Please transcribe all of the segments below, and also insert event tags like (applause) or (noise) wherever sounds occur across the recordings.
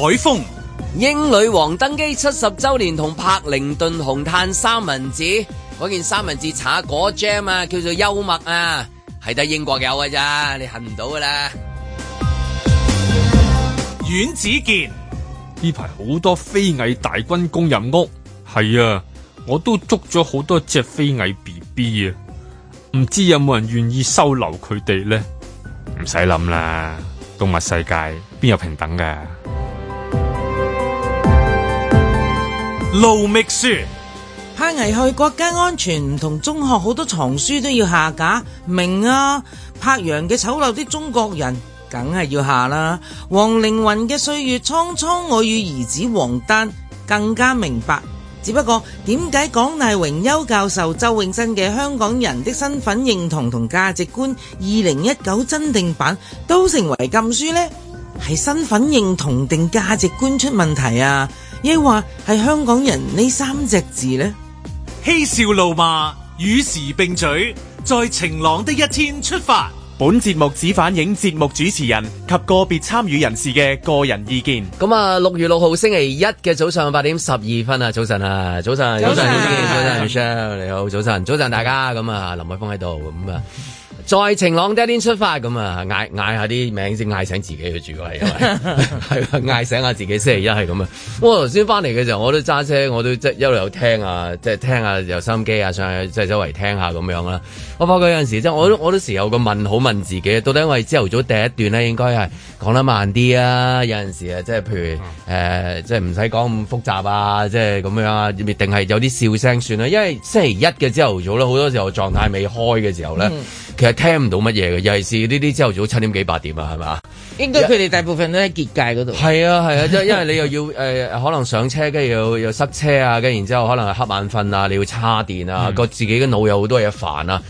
海風英女王登基七十周年同柏靈頓紅炭三文治嗰件三文治，搽果醬啊，叫做幽默啊，係得英國有噶咋，你恨唔到噶啦。阮子健呢排好多飛蟻大軍攻入屋，係啊，我都捉咗好多隻飛蟻 B B 啊，唔知有冇人願意收留佢哋呢？唔使諗啦，動物世界邊有平等噶？露密書，怕危害國家安全同中學好多藏書都要下架，明啊？柏楊嘅醜陋的中國人，梗係要下啦。王凌雲嘅歲月蒼蒼，我與兒子王丹更加明白。只不過點解港大榮休教授周永新嘅《香港人的身份認同同價值觀》二零一九真定版都成為禁書呢？係身份認同定價值觀出問題啊？抑或係香港人呢三隻字呢？嬉笑怒罵與時並舉，在晴朗的一天出發。本節目只反映節目主持人及個別參與人士嘅個人意見。咁啊，六月六號星期一嘅早上八點十二分啊，早晨啊，早晨，早晨，早晨，早晨，晉 Jean，你好，早晨，早晨，大家咁啊，林海峰喺度咁啊。 (laughs) 在晴朗的一天出發咁啊，嗌嗌下啲名先，嗌醒自己去住，係啊，嗌 (laughs) (laughs) 醒下自己星期一係咁啊！我頭先翻嚟嘅時候，我都揸車，我都即係一路有聽啊，即係聽下有心機啊，上去，即係周圍聽下咁樣啦。我發覺有陣時即係我都我都時候有個問好問自己，到底因為朝頭早第一段咧，應該係講得慢啲啊？有陣時啊，即係譬如誒，即係唔使講咁複雜啊，即係咁樣啊，定係有啲笑聲算啦。因為星期一嘅朝頭早咧，好多時候狀態未開嘅時候咧，嗯、其實。聽唔到乜嘢嘅，尤其是呢啲朝頭早七點幾八點啊，係咪？應該佢哋大部分都喺結界嗰度。係 (laughs) 啊，係啊，即係因為你又要誒、呃，可能上車跟住又又塞車啊，跟住然之後可能係黑眼瞓啊，你要叉電啊，個、嗯、自己嘅腦有好多嘢煩啊，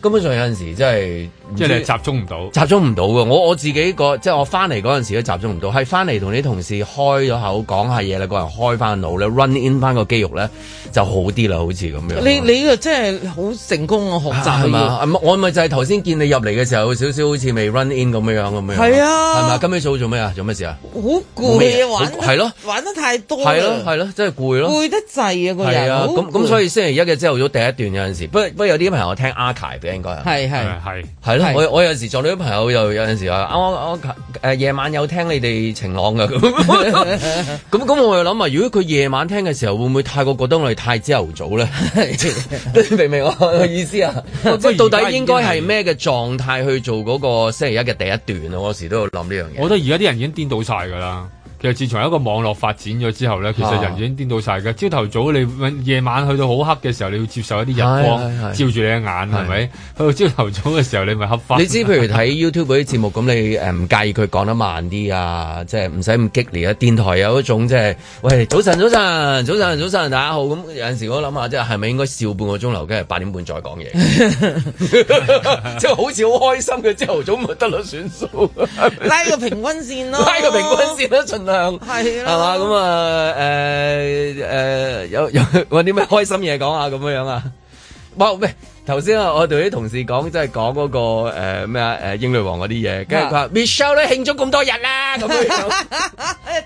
根本上有陣時真係。即係集中唔到，集中唔到嘅。我我自己個即係我翻嚟嗰陣時都集中唔到，係翻嚟同啲同事開咗口講下嘢咧，個人開翻腦咧，run in 翻個肌肉咧就好啲啦，好似咁樣。你你啊，真係好成功嘅學習。係嘛？我咪就係頭先見你入嚟嘅時候，少少好似未 run in 咁樣咁樣。係啊，係咪今朝早做咩啊？做咩事啊？好攰啊！玩係咯，玩得太多係咯係咯，真係攰咯，攰得滯啊，該係咁咁，所以星期一嘅朝頭早第一段有陣時，不不有啲朋友聽阿 Kay 嘅應該係係我 (music) 我有陣時撞到啲朋友，又有陣時話，我我誒夜、呃、晚有聽你哋晴朗噶，咁咁咁我又諗啊，如果佢夜晚聽嘅時候，會唔會太過覺得我哋太朝頭早咧？ (laughs) 明唔明我嘅意思啊？即係 (laughs) 到底應該係咩嘅狀態去做嗰個星期一嘅第一段啊？我有時都諗呢樣嘢。我覺得而家啲人已經顛倒晒噶啦。就自從一個網絡發展咗之後咧，其實人已經顛倒晒㗎。朝頭早，你夜晚去到好黑嘅時候，你要接受一啲日光照住你嘅眼，係咪？去到朝頭早嘅時候，你咪黑翻。你知譬如睇 YouTube 嗰啲節目咁，你誒唔介意佢講得慢啲啊？即係唔使咁激烈啊！電台有一種即係，喂早，早晨，早晨，早晨，早晨，大家好。咁、嗯、有陣時我諗下，即係係咪應該笑半個鐘頭，跟住八點半再講嘢？即係好似好開心嘅朝頭早，咪得啦算數，拉個平均線咯，拉個平均線係，係嘛咁啊？誒一誒、嗯嗯嗯嗯嗯，有有揾啲咩開心嘢講啊？咁樣樣啊？唔、喔、係，頭先啊，我對啲同事講，即係講嗰個誒咩、呃、啊？誒，英女王嗰啲嘢，跟住佢話麼 Michelle 都慶祝咁多日啦，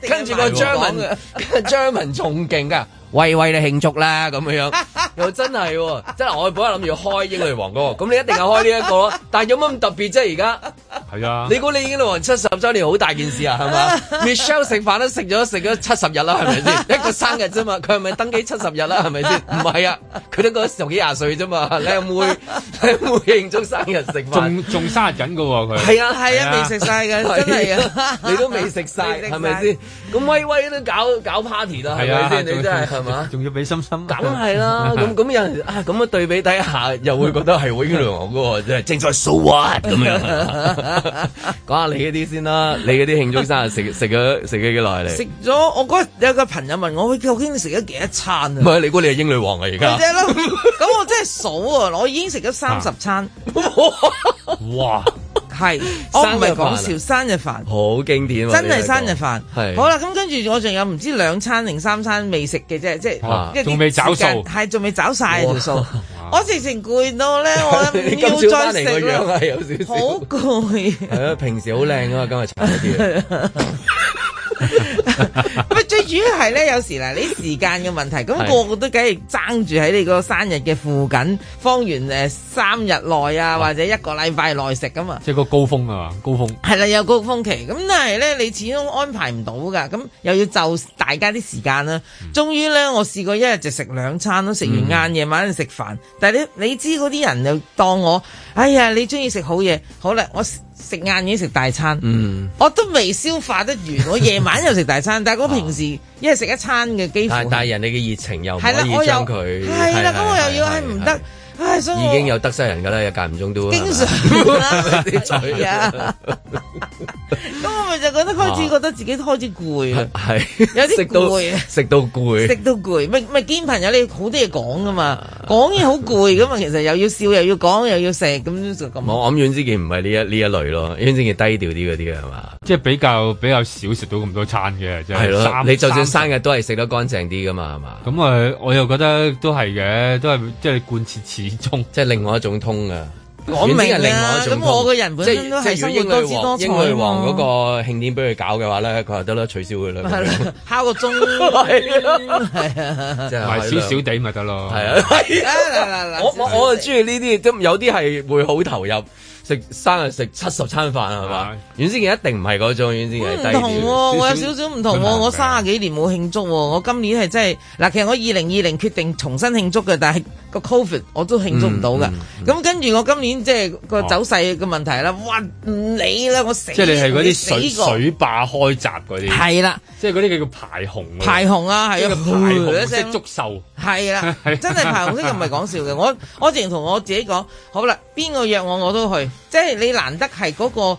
跟住 (laughs) (laughs) 個張文，跟張 (laughs) 文仲勁噶。 (laughs) 威威你慶祝啦，咁樣又真係，真係我本嚟諗住開英女王嗰個，咁你一定係開呢一個咯。但係有冇咁特別啫？而家係啊，你估你英女王七十周年好大件事啊？係嘛？Michelle 食飯都食咗食咗七十日啦，係咪先？一個生日啫嘛，佢係咪登基七十日啦？係咪先？唔係啊，佢都嗰時十幾廿歲啫嘛，你有冇有冇慶祝生日食飯？仲仲生日緊噶佢？係啊係啊，未食晒噶，真係，你都未食晒係咪先？咁威威都搞搞 party 啦，係咪先？你真係。係嘛？仲要俾心心？梗係啦，咁咁有啊，咁樣 (laughs) 對比底下，又會覺得係英女王喎，真係正在數屈、啊、咁樣。講下 (laughs) 你嗰啲先啦，你嗰啲慶祝生日食食咗食咗幾耐嚟？食咗我嗰日有個朋友問我，佢究竟你食咗幾多餐啊？唔係，你估你係英女王啊？而家咪啫咯？咁 (laughs) 我真係數喎，我已經食咗三十餐。哇、啊！ (laughs) (laughs) 係，我唔係講笑，生日飯好經典，真係生日飯。係，好啦，咁跟住我仲有唔知兩餐定三餐未食嘅啫，即係，仲未找數，係仲未找晒條數。我直情攰到咧，我要再食咯。係，有少少好攰，平時好靚啊嘛，今日慘啲。咁 (laughs) 最主要係咧，有時嗱，你時間嘅問題，咁、那個、個個都梗係爭住喺你個生日嘅附近，方圓誒、呃、三日內啊，或者一個禮拜內食噶嘛。即係個高峰啊嘛，高峰係啦，有高峰期，咁但係咧，你始終安排唔到噶，咁又要就大家啲時間啦。終於咧，我試過一日就食兩餐咯，食完晏夜晚食飯。嗯、但係咧，你知嗰啲人又當我，哎呀，你中意食好嘢，好啦，我。食晏已經食大餐，嗯、我都未消化得完，我夜晚又食大餐，但係我平時一係食一餐嘅幾乎但。但係人哋嘅熱情，又，係啦，我有佢，係啦咁我又要，係唔得。已經有得失人噶啦，又間唔中都經常啦。啲嘴啊，咁我咪就覺得開始覺得自己開始攰啊，係有啲食到攰，食到攰，食到攰，咪咪見朋友你好多嘢講噶嘛，講嘢好攰噶嘛，其實又要笑又要講又要食，咁就咁。我咁遠之見唔係呢一呢一類咯，之見低調啲嗰啲嘅係嘛，即係比較比較少食到咁多餐嘅，就是、三即係生你就算生日都係食得乾淨啲噶嘛，係嘛？咁啊、嗯，我又覺得都係嘅，都係即係貫徹。即係另外一種通啊！我明另外一種啊，咁我個人本身都係生活多姿多彩。英女王嗰個慶典俾佢搞嘅話咧，佢話得啦，取消佢啦，敲個鐘係咯，係啊，埋少少啲咪得咯，係啊，係啊，嗱我我我係中意呢啲，有啲係會好投入，食生日食七十餐飯係嘛？袁先生一定唔係嗰種，袁先生唔同我有少少唔同喎，我卅幾年冇慶祝，我今年係真係嗱，其實我二零二零決定重新慶祝嘅，但係。COVID 我都慶祝唔到嘅，咁、嗯嗯嗯、跟住我今年即係個走勢嘅問題啦，哦、哇唔理啦，我死即係你係嗰啲水水壩開閘嗰啲，係啦了，即係嗰啲叫叫排洪，排洪啊，係啊，排洪即係收，係啦， (laughs) (laughs) 真係排洪呢個唔係講笑嘅， (laughs) 我我淨係同我自己講，好啦，邊個約我我，我都去，即係你難得係嗰、那個。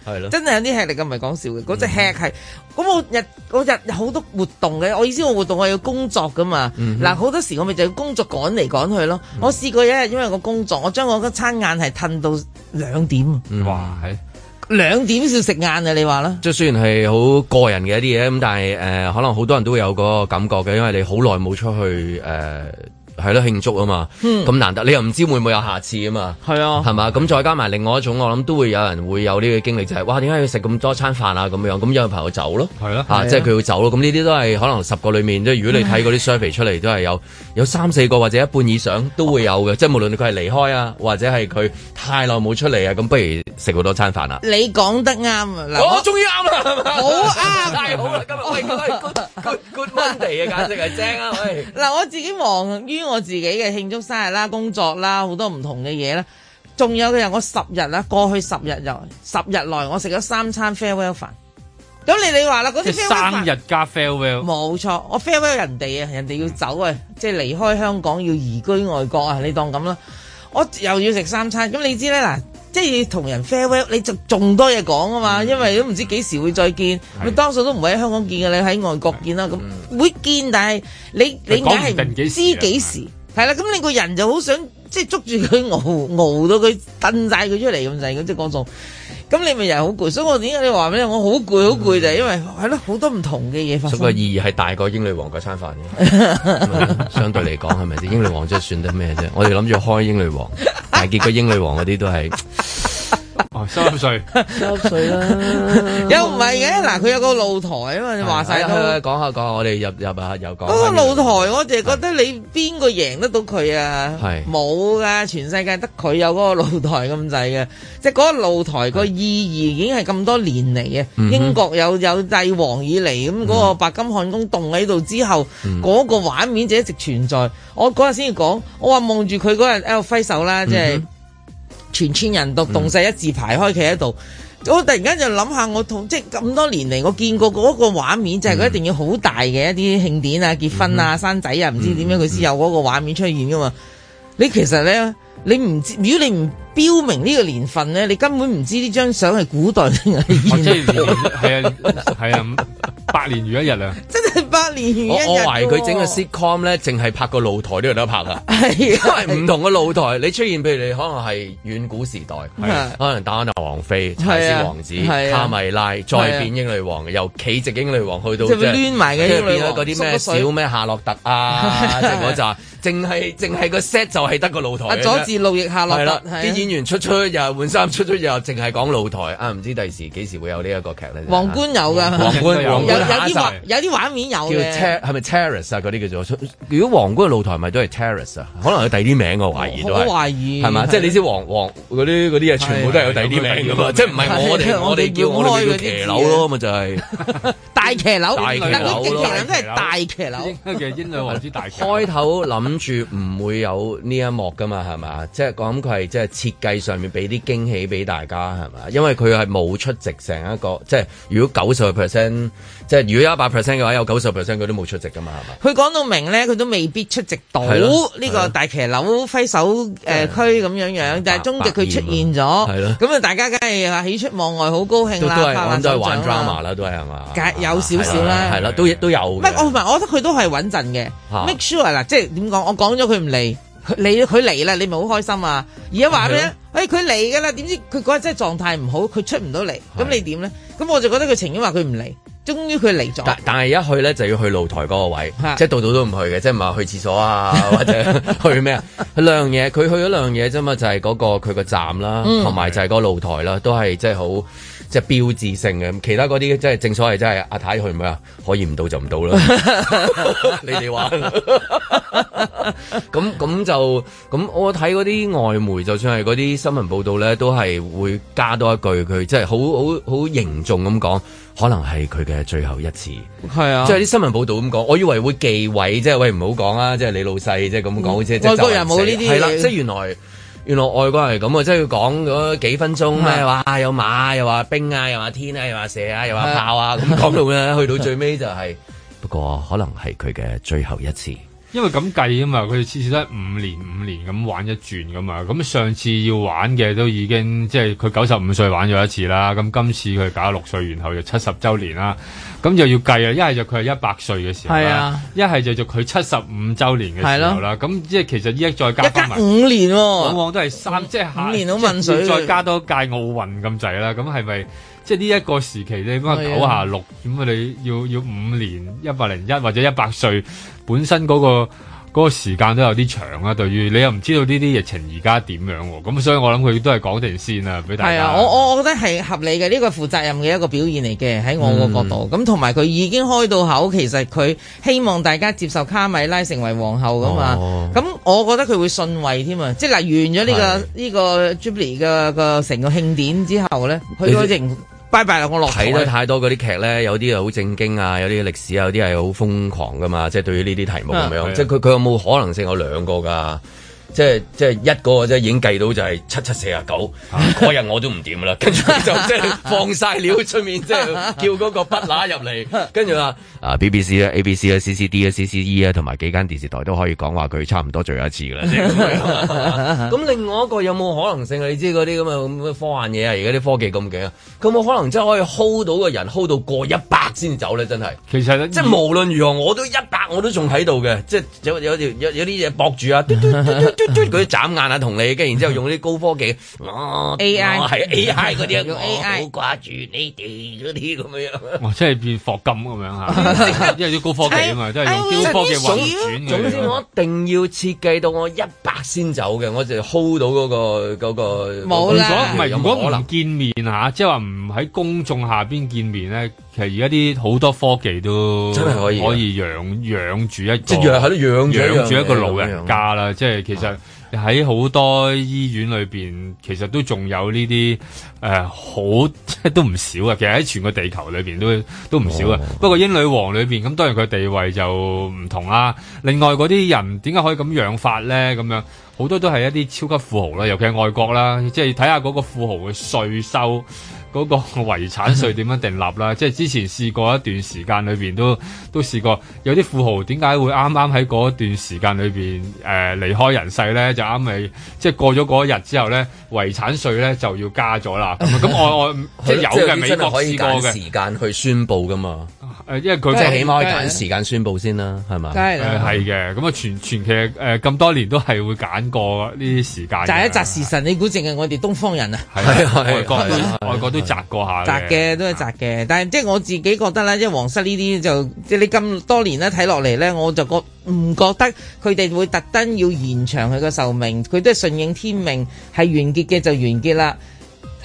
係咯， (noise) 真係有啲吃力嘅，唔係講笑嘅，嗰隻、嗯、吃係。咁我日我日好多活動嘅，我意思我活動我要工作噶嘛。嗱、嗯、好、嗯、多時我咪就要工作趕嚟趕去咯。嗯、我試過一日，因為個工作，我將我嘅餐晏係褪到兩點。嗯、哇，係兩點先食晏啊！你話啦，即係、嗯、雖然係好個人嘅一啲嘢，咁但係誒、呃，可能好多人都會有嗰個感覺嘅，因為你好耐冇出去誒。呃係咯，慶祝啊嘛，咁難得，你又唔知會唔會有下次啊嘛，係啊，係嘛，咁再加埋另外一種，我諗都會有人會有呢個經歷，就係哇，點解要食咁多餐飯啊咁樣，咁有朋友走咯，係咯，即係佢會走咯，咁呢啲都係可能十個裡面，即係如果你睇嗰啲 s u 出嚟，都係有有三四個或者一半以上都會有嘅，即係無論佢係離開啊，或者係佢太耐冇出嚟啊，咁不如食好多餐飯啊。你講得啱啊，我終於啱啦，好啱，太好啦，今日喂 g o good good g 地嘅簡直係正啊，嗱我自己忙於。我自己嘅慶祝生日啦，工作啦，好多唔同嘅嘢啦。仲有嘅係我十日啦，過去十日又十日內，我食咗三餐 farewell 飯。咁你你話啦，嗰啲三日加 farewell，冇錯，我 farewell 人哋啊，人哋要走啊，即係離開香港要移居外國啊，你當咁啦，我又要食三餐。咁你知咧嗱？即係同人 farewell，你就仲多嘢講啊嘛，嗯、因為都唔知幾時會再見，咪多數都唔會喺香港見嘅，你喺外國見啦。咁的、嗯、會見，但係你你硬係唔知幾時，係啦，咁的你個人就好想。即係捉住佢熬，熬到佢掟晒佢出嚟咁滯咁，即係講數。咁你咪又係好攰，所以我點解你話咩？我好攰，好攰就係因為係咯，好多唔同嘅嘢發生。個意義係大過英女王嗰餐飯嘅， (laughs) (laughs) (laughs) 相對嚟講係咪先？英女王即係算得咩啫？ (laughs) 我哋諗住開英女王， (laughs) 但係結果英女王嗰啲都係。 (laughs) 三歲，三歲啦，又唔係嘅嗱，佢有個露台啊嘛，你話晒都，講下講下，我哋入入啊入講。嗰個露台，我淨係覺得你邊個贏得到佢啊？係冇噶，全世界得佢有嗰個露台咁滯嘅，即係嗰個露台個意義已經係咁多年嚟嘅。英國有有帝王以嚟咁嗰個白金漢宮動喺度之後，嗰個畫面就一直存在。我嗰日先至講，我話望住佢嗰日喺度揮手啦，即係。全村人獨、嗯、動勢一字排開企喺度，我突然間就諗下我同即係咁多年嚟我見過嗰個畫面，就係、是、佢一定要好大嘅一啲慶典啊、結婚啊、嗯、生仔啊，唔知點樣佢先有嗰個畫面出現㗎嘛？你其實咧，你唔知如果你唔。標明呢個年份咧，你根本唔知呢張相係古代定係現代。係啊係啊，百年如一日啊！真係百年如一日。我我懷疑佢整個 sitcom 咧，淨係拍個露台呢度都拍噶。因為唔同嘅露台，你出現譬如你可能係遠古時代，可能戴安娜王妃，查理斯王子卡米拉，再變英女王，由企直英女王去到即係攣埋嘅英女王嗰啲咩小咩夏洛特啊，就嗰扎，淨係淨係個 set 就係得個露台。阿佐治路易夏洛特。演員出出又換衫，出出又淨係講露台啊！唔知第時幾時會有呢一個劇咧？皇冠有㗎，有有啲畫有啲畫面有嘅，係咪 terrace 啊，嗰啲叫做。如果皇冠嘅露台咪都係 terrace 啊？可能有第啲名我懷疑都懷疑係嘛？即係你知皇皇嗰啲嗰啲嘢全部都係有第啲名㗎嘛？即係唔係我哋我哋叫我哋叫騎樓咯？咪就係大騎樓，但係嗰啲都係大騎樓嘅英女皇之大。開頭諗住唔會有呢一幕㗎嘛？係嘛？即係講佢係即係計上面俾啲驚喜俾大家係嘛，因為佢係冇出席成一個，即係如果九十個 percent，即係如果一百 percent 嘅話，有九十 percent 佢都冇出席噶嘛，係嘛？佢講到明咧，佢都未必出席到呢個大騎樓揮手誒區咁樣樣，呃、的但係終極佢出現咗，係咯，咁啊大家梗係喜出望外，好高興啦的，都係都係玩 drama 啦，都係係嘛？有少少啦，係啦，都都有。唔係我唔係，我覺得佢都係穩陣嘅，make sure 啦，即係點講，我講咗佢唔嚟。佢你佢嚟啦，你咪好開心啊！而家話咩？誒的，佢嚟㗎啦，點知佢嗰日真係狀態唔好，佢出唔到嚟，咁的你點咧？咁我就覺得佢情願話佢唔嚟，終於佢嚟咗。但但係一去咧就要去露台嗰個位，的即係度度都唔去嘅，即係唔係話去廁所啊 (laughs) 或者去咩啊？ (laughs) 佢兩樣嘢，佢去咗兩樣嘢啫嘛，就係、是、嗰、那個佢個站啦，同埋、嗯、就係嗰個露台啦，都係即係好。就是即係標誌性嘅，其他嗰啲即係正所謂、就是，即係阿太去咪啊，可以唔到就唔到啦。你哋話，咁咁就咁。我睇嗰啲外媒，就算係嗰啲新聞報道咧，都係會加多一句，佢即係好好好凝重咁講，可能係佢嘅最後一次。係啊，即係啲新聞報道咁講，我以為會忌諱，即係喂唔好講啊，即係你老細即係咁講，即係外國人冇呢啲嘢。係啦，即係原來。原來外國人係咁啊！即係講咗幾分鐘咩話？有馬，又話兵啊，又話天啊，又話蛇啊，又話炮啊，咁講是的 到咧， (laughs) 去到最尾就係、是，不過可能係佢嘅最後一次。因為咁計啊嘛，佢次次都係五年五年咁玩一轉咁嘛。咁上次要玩嘅都已經即係佢九十五歲玩咗一次啦，咁今次佢九十六歲，然後就七十周年啦，咁就要計啦，一係就佢係一百歲嘅時候，係啊，一係就做佢七十五周年嘅時候啦，咁即係其實依家再加埋，五年，往往都係三即係五年好混再加多屆奧運咁滯啦，咁係咪？即係呢一個時期，你應該九下六，咁的你要要五年一百零一或者一百歲，本身嗰、那個嗰、那個時間都有啲長啊。對於你又唔知道呢啲疫情而家點樣喎、啊，咁所以我諗佢都係講定先啊，俾大家。係啊，我我我覺得係合理嘅，呢、這個負責任嘅一個表現嚟嘅，喺我個角度。咁同埋佢已經開到口，其實佢希望大家接受卡米拉成為皇后噶嘛。咁、哦嗯、我覺得佢會順位添啊，即係嗱完咗呢、這個呢的個 Jubilee 嘅成個慶典之後咧，佢個形你。拜拜啦，我落睇得太多嗰啲劇咧，有啲係好正經啊，有啲歷史啊，有啲係好瘋狂㗎嘛，即係對於呢啲題目咁樣，啊、即係佢佢有冇可能性有兩個㗎？即係即係一個即係已經計到就係七七四十九嗰日，啊、我都唔掂啦，跟住就即係放晒料出面，即係叫嗰個筆乸入嚟，跟住話啊 B B C 啊 A B C 啊 C C D 啊 C C E 啊，同埋幾間電視台都可以講話佢差唔多做一次啦。咁 (laughs) (laughs) 另外一個有冇可能性？你知嗰啲咁嘅科幻嘢啊，而家啲科技咁勁啊，有冇可能真係可以 hold 到個人 hold 到過一百先走咧？真係其實即係無論如何我都一百我都仲喺度嘅，即係有有有啲嘢搏住啊！追佢眨眼啊同，同你，跟住然之後用啲高科技， (laughs) 啊、我 AI 係 AI 嗰啲啊，我好掛住你哋嗰啲咁樣。我真係變霍金咁樣吓，因為啲高科技啊嘛， (laughs) 真係用高科技運轉嘅。 (laughs) 總之我一定要設計到我一百先走嘅，我就 hold 到嗰個嗰個。冇、那個、啦，唔係、那個、如果我唔見面啊，即係話唔喺公眾下邊見面咧。其實而家啲好多科技都真係可以可以養可以、啊、養，養住一個，即係養喺住一個老人家啦。啊、即係其實喺好多醫院裏邊的、呃，其實都仲有呢啲誒好，即係都唔少啊。其實喺全個地球裏邊都都唔少啊。哦、不過英女王裏邊咁，當然佢地位就唔同啦。另外嗰啲人點解可以咁養法咧？咁樣好多都係一啲超級富豪啦，尤其係外國啦。即係睇下嗰個富豪嘅稅收，嗰個遺產稅點樣訂立啦？即係之前試過一段時間裏邊都都試過，有啲富豪點解會啱啱喺嗰一段時間裏邊誒離開人世咧？就啱咪即係過咗嗰一日之後咧，遺產稅咧就要加咗啦。咁我 (laughs) 我即係 (laughs) 有嘅美國試過 (laughs) 可以揀時間去宣佈㗎嘛？誒，因為佢即係起碼可以揀時間宣布先啦，係嘛？梗係嘅吧，咁啊、呃，傳傳奇誒，咁、呃、多年都係會揀過呢啲時間。摘一摘時辰，的的你估淨係我哋東方人啊？係外的 (laughs) 國，外 (laughs) 國都摘過下。摘嘅 (laughs) 都係摘嘅，但係即係我自己覺得咧，即係皇室呢啲就即你咁多年咧睇落嚟咧，我就覺唔覺得佢哋會特登要延長佢個壽命？佢都係順應天命，係完結嘅就完結啦。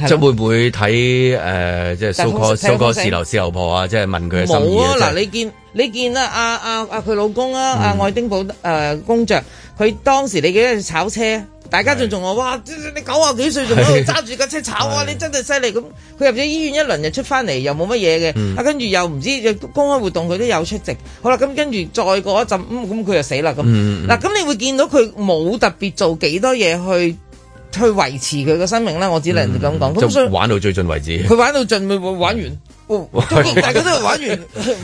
即係、啊、會唔會睇誒、呃？即係蘇哥、蘇哥是流是留婆啊！即係問佢冇啊！嗱、就是，你見你見啊！阿阿阿佢老公啊！阿的、啊、愛丁堡誒公爵，佢、uh，當時你記得炒車，大家仲仲話：哇！你九啊幾歲仲喺度揸住架車炒啊！你真係犀利咁！佢、嗯嗯、入咗醫院一輪就出翻嚟，又冇乜嘢嘅。啊，跟住又唔知公開活動佢都有出席。好啦，咁跟住再過一陣咁，佢、嗯嗯嗯、就死啦咁。嗱，咁你會見到佢冇特別做幾多嘢去。去維持佢嘅生命咧，我只能咁講。咁所以玩到最盡為止，佢玩到盡咪會玩完。哦、大家都係玩完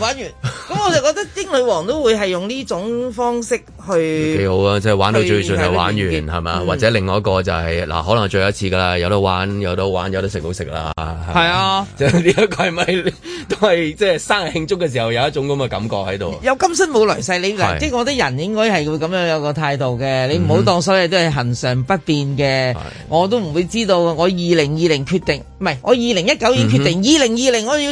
玩完。咁 (laughs) 我就覺得英女王都會係用呢種方式去，幾好啊！即係玩到最盡係玩完，係嘛的的？或者另外一個就係、是、嗱，可能係最後一次噶啦，有得玩有得玩有得食好食啦，係啊！ (laughs) 是是是，就呢一個係咪都係即係生日慶祝嘅時候有一種咁嘅感覺喺度？有今生冇來世，你嗱即係我啲人應該係會咁樣有個態度嘅，的你唔好當所有都係恆常不變嘅，的的我都唔會知道我二零二零決定，唔係我二零一九已決定，二零二零我要。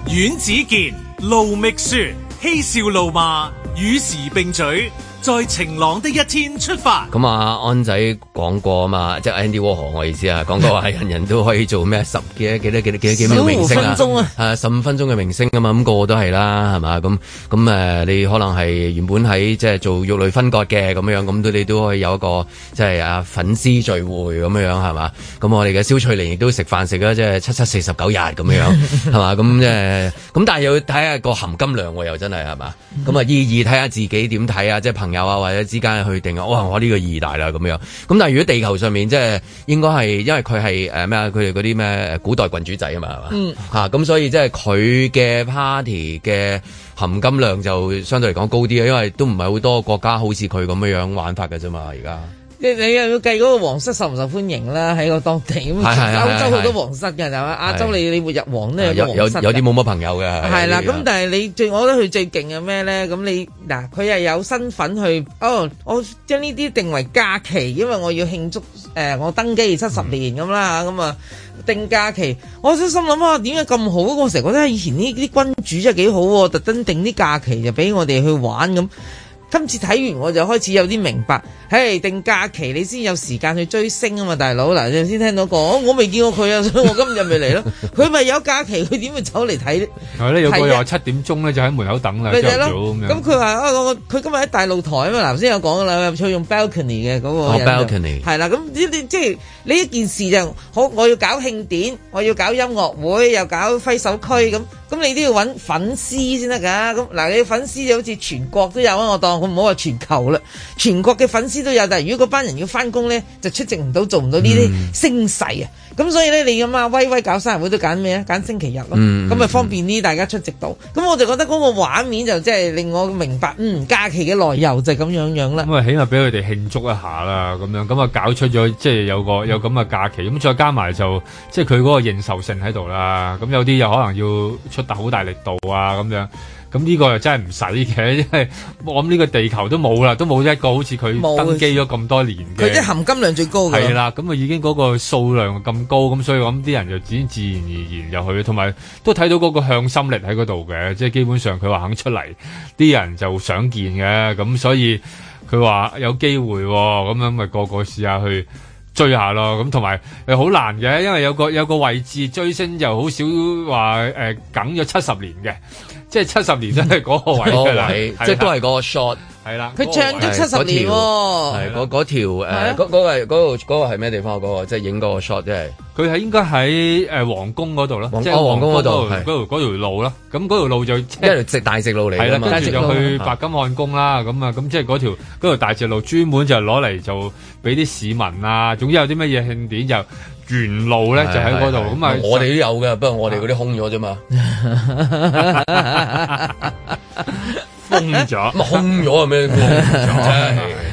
阮子健，盧覓雪，嬉笑怒罵與時並舉。在晴朗的一天出發。咁啊，安仔講過啊嘛，即係 Andy Warhol 我意思啊，講過話人人都可以做咩十幾幾多幾多幾多幾分鐘明星啊？十五分鐘嘅、啊、明、啊、星啊嘛，咁個個都係啦，係嘛咁咁誒，你可能係原本喺即係做肉類分割嘅咁樣，咁都你都可以有一個即係啊粉絲聚會咁樣吃吃 7, 7, 4, 樣係嘛？咁我哋嘅蕭翠玲亦都食飯食咗即係七七四十九日咁樣係嘛？咁即係咁，但係要睇下個含金量喎，又真係係嘛？咁啊，意義睇下自己點睇啊，即係朋。友啊，或者之間去定啊，我我呢個二大啦咁樣，咁但係如果地球上面即係應該係，因為佢係誒咩啊，佢哋嗰啲咩古代君主制啊嘛，係嘛，嗯吓，咁所以即係佢嘅 party 嘅含金量就相對嚟講高啲啊，因為都唔係好多國家好似佢咁樣樣玩法嘅啫嘛，而家。你你又要計嗰個皇室受唔受歡迎啦？喺個當地咁，歐洲好多皇室嘅，係嘛？亞洲你你入皇咧有皇室，有有有啲冇乜朋友嘅。係啦，咁但係你最，我覺得佢最勁嘅咩咧？咁你嗱佢又有身份去，哦，我將呢啲定為假期，因為我要慶祝誒我登基七十年咁啦，咁啊定假期。我真心諗啊，點解咁好？我成日覺得以前呢啲君主真係幾好喎，特登定啲假期就俾我哋去玩咁。今次睇完我就開始有啲明白，嘿定假期你先有時間去追星啊嘛，大佬嗱，你先聽到講，我未見過佢啊，所以我今日咪嚟咯。佢咪 (laughs) 有假期，佢點會走嚟睇。係咧，有個話七點鐘咧就喺門口等你，朝早咁樣。咁佢話啊，我佢今日喺大露台啊嘛，頭先有講啦，佢用 bal、oh, balcony 嘅嗰個，係啦，咁呢啲即係。呢一件事就好，我要搞慶典，我要搞音樂會，又搞揮手區咁，咁你都要揾粉絲先得噶。咁嗱，你粉絲就好似全國都有啊，我當我唔好話全球啦，全國嘅粉絲都有。但係如果嗰班人要翻工呢，就出席唔到，做唔到呢啲聲勢啊。嗯咁、嗯、所以咧，你咁啊，威威搞生日會都揀咩啊？揀星期日咯，咁咪、嗯、方便啲大家出席到。咁我就覺得嗰個畫面就即係令我明白，嗯，假期嘅來由就係咁樣樣啦。咁啊、嗯，起碼俾佢哋慶祝一下啦，咁樣咁啊，搞出咗即係有個有咁嘅假期。咁再加埋就即係佢嗰個認受性喺度啦。咁有啲又可能要出達好大力度啊，咁樣。咁呢個又真係唔使嘅，因為我諗呢個地球都冇啦，都冇一個好似佢登基咗咁多年嘅。佢啲含金量最高嘅。係啦，咁啊已經嗰個數量咁高，咁所以我諗啲人就自自然而然入去，同埋都睇到嗰個向心力喺嗰度嘅，即係基本上佢話肯出嚟，啲人就想見嘅，咁所以佢話有機會咁樣咪個個試下去追下咯。咁同埋好難嘅，因為有個有個位置追星又好少話誒梗咗七十年嘅。即係七十年真係嗰個位，即係都係個 shot 係啦。佢唱咗七十年喎，係嗰嗰條嗰個度嗰個係咩地方？嗰個即係影嗰個 shot 即係。佢係應該喺誒皇宮嗰度咯，即係皇宮嗰度嗰嗰條路啦。咁嗰條路就即係直大直路嚟，係啦，跟住就去白金漢宮啦。咁啊咁即係嗰條大直路，專門就攞嚟就俾啲市民啊，總之有啲乜嘢慶典就。原路咧就喺嗰度，咁啊我哋都有嘅，不過我哋嗰啲空咗啫嘛，封咗，封咗啊咩？真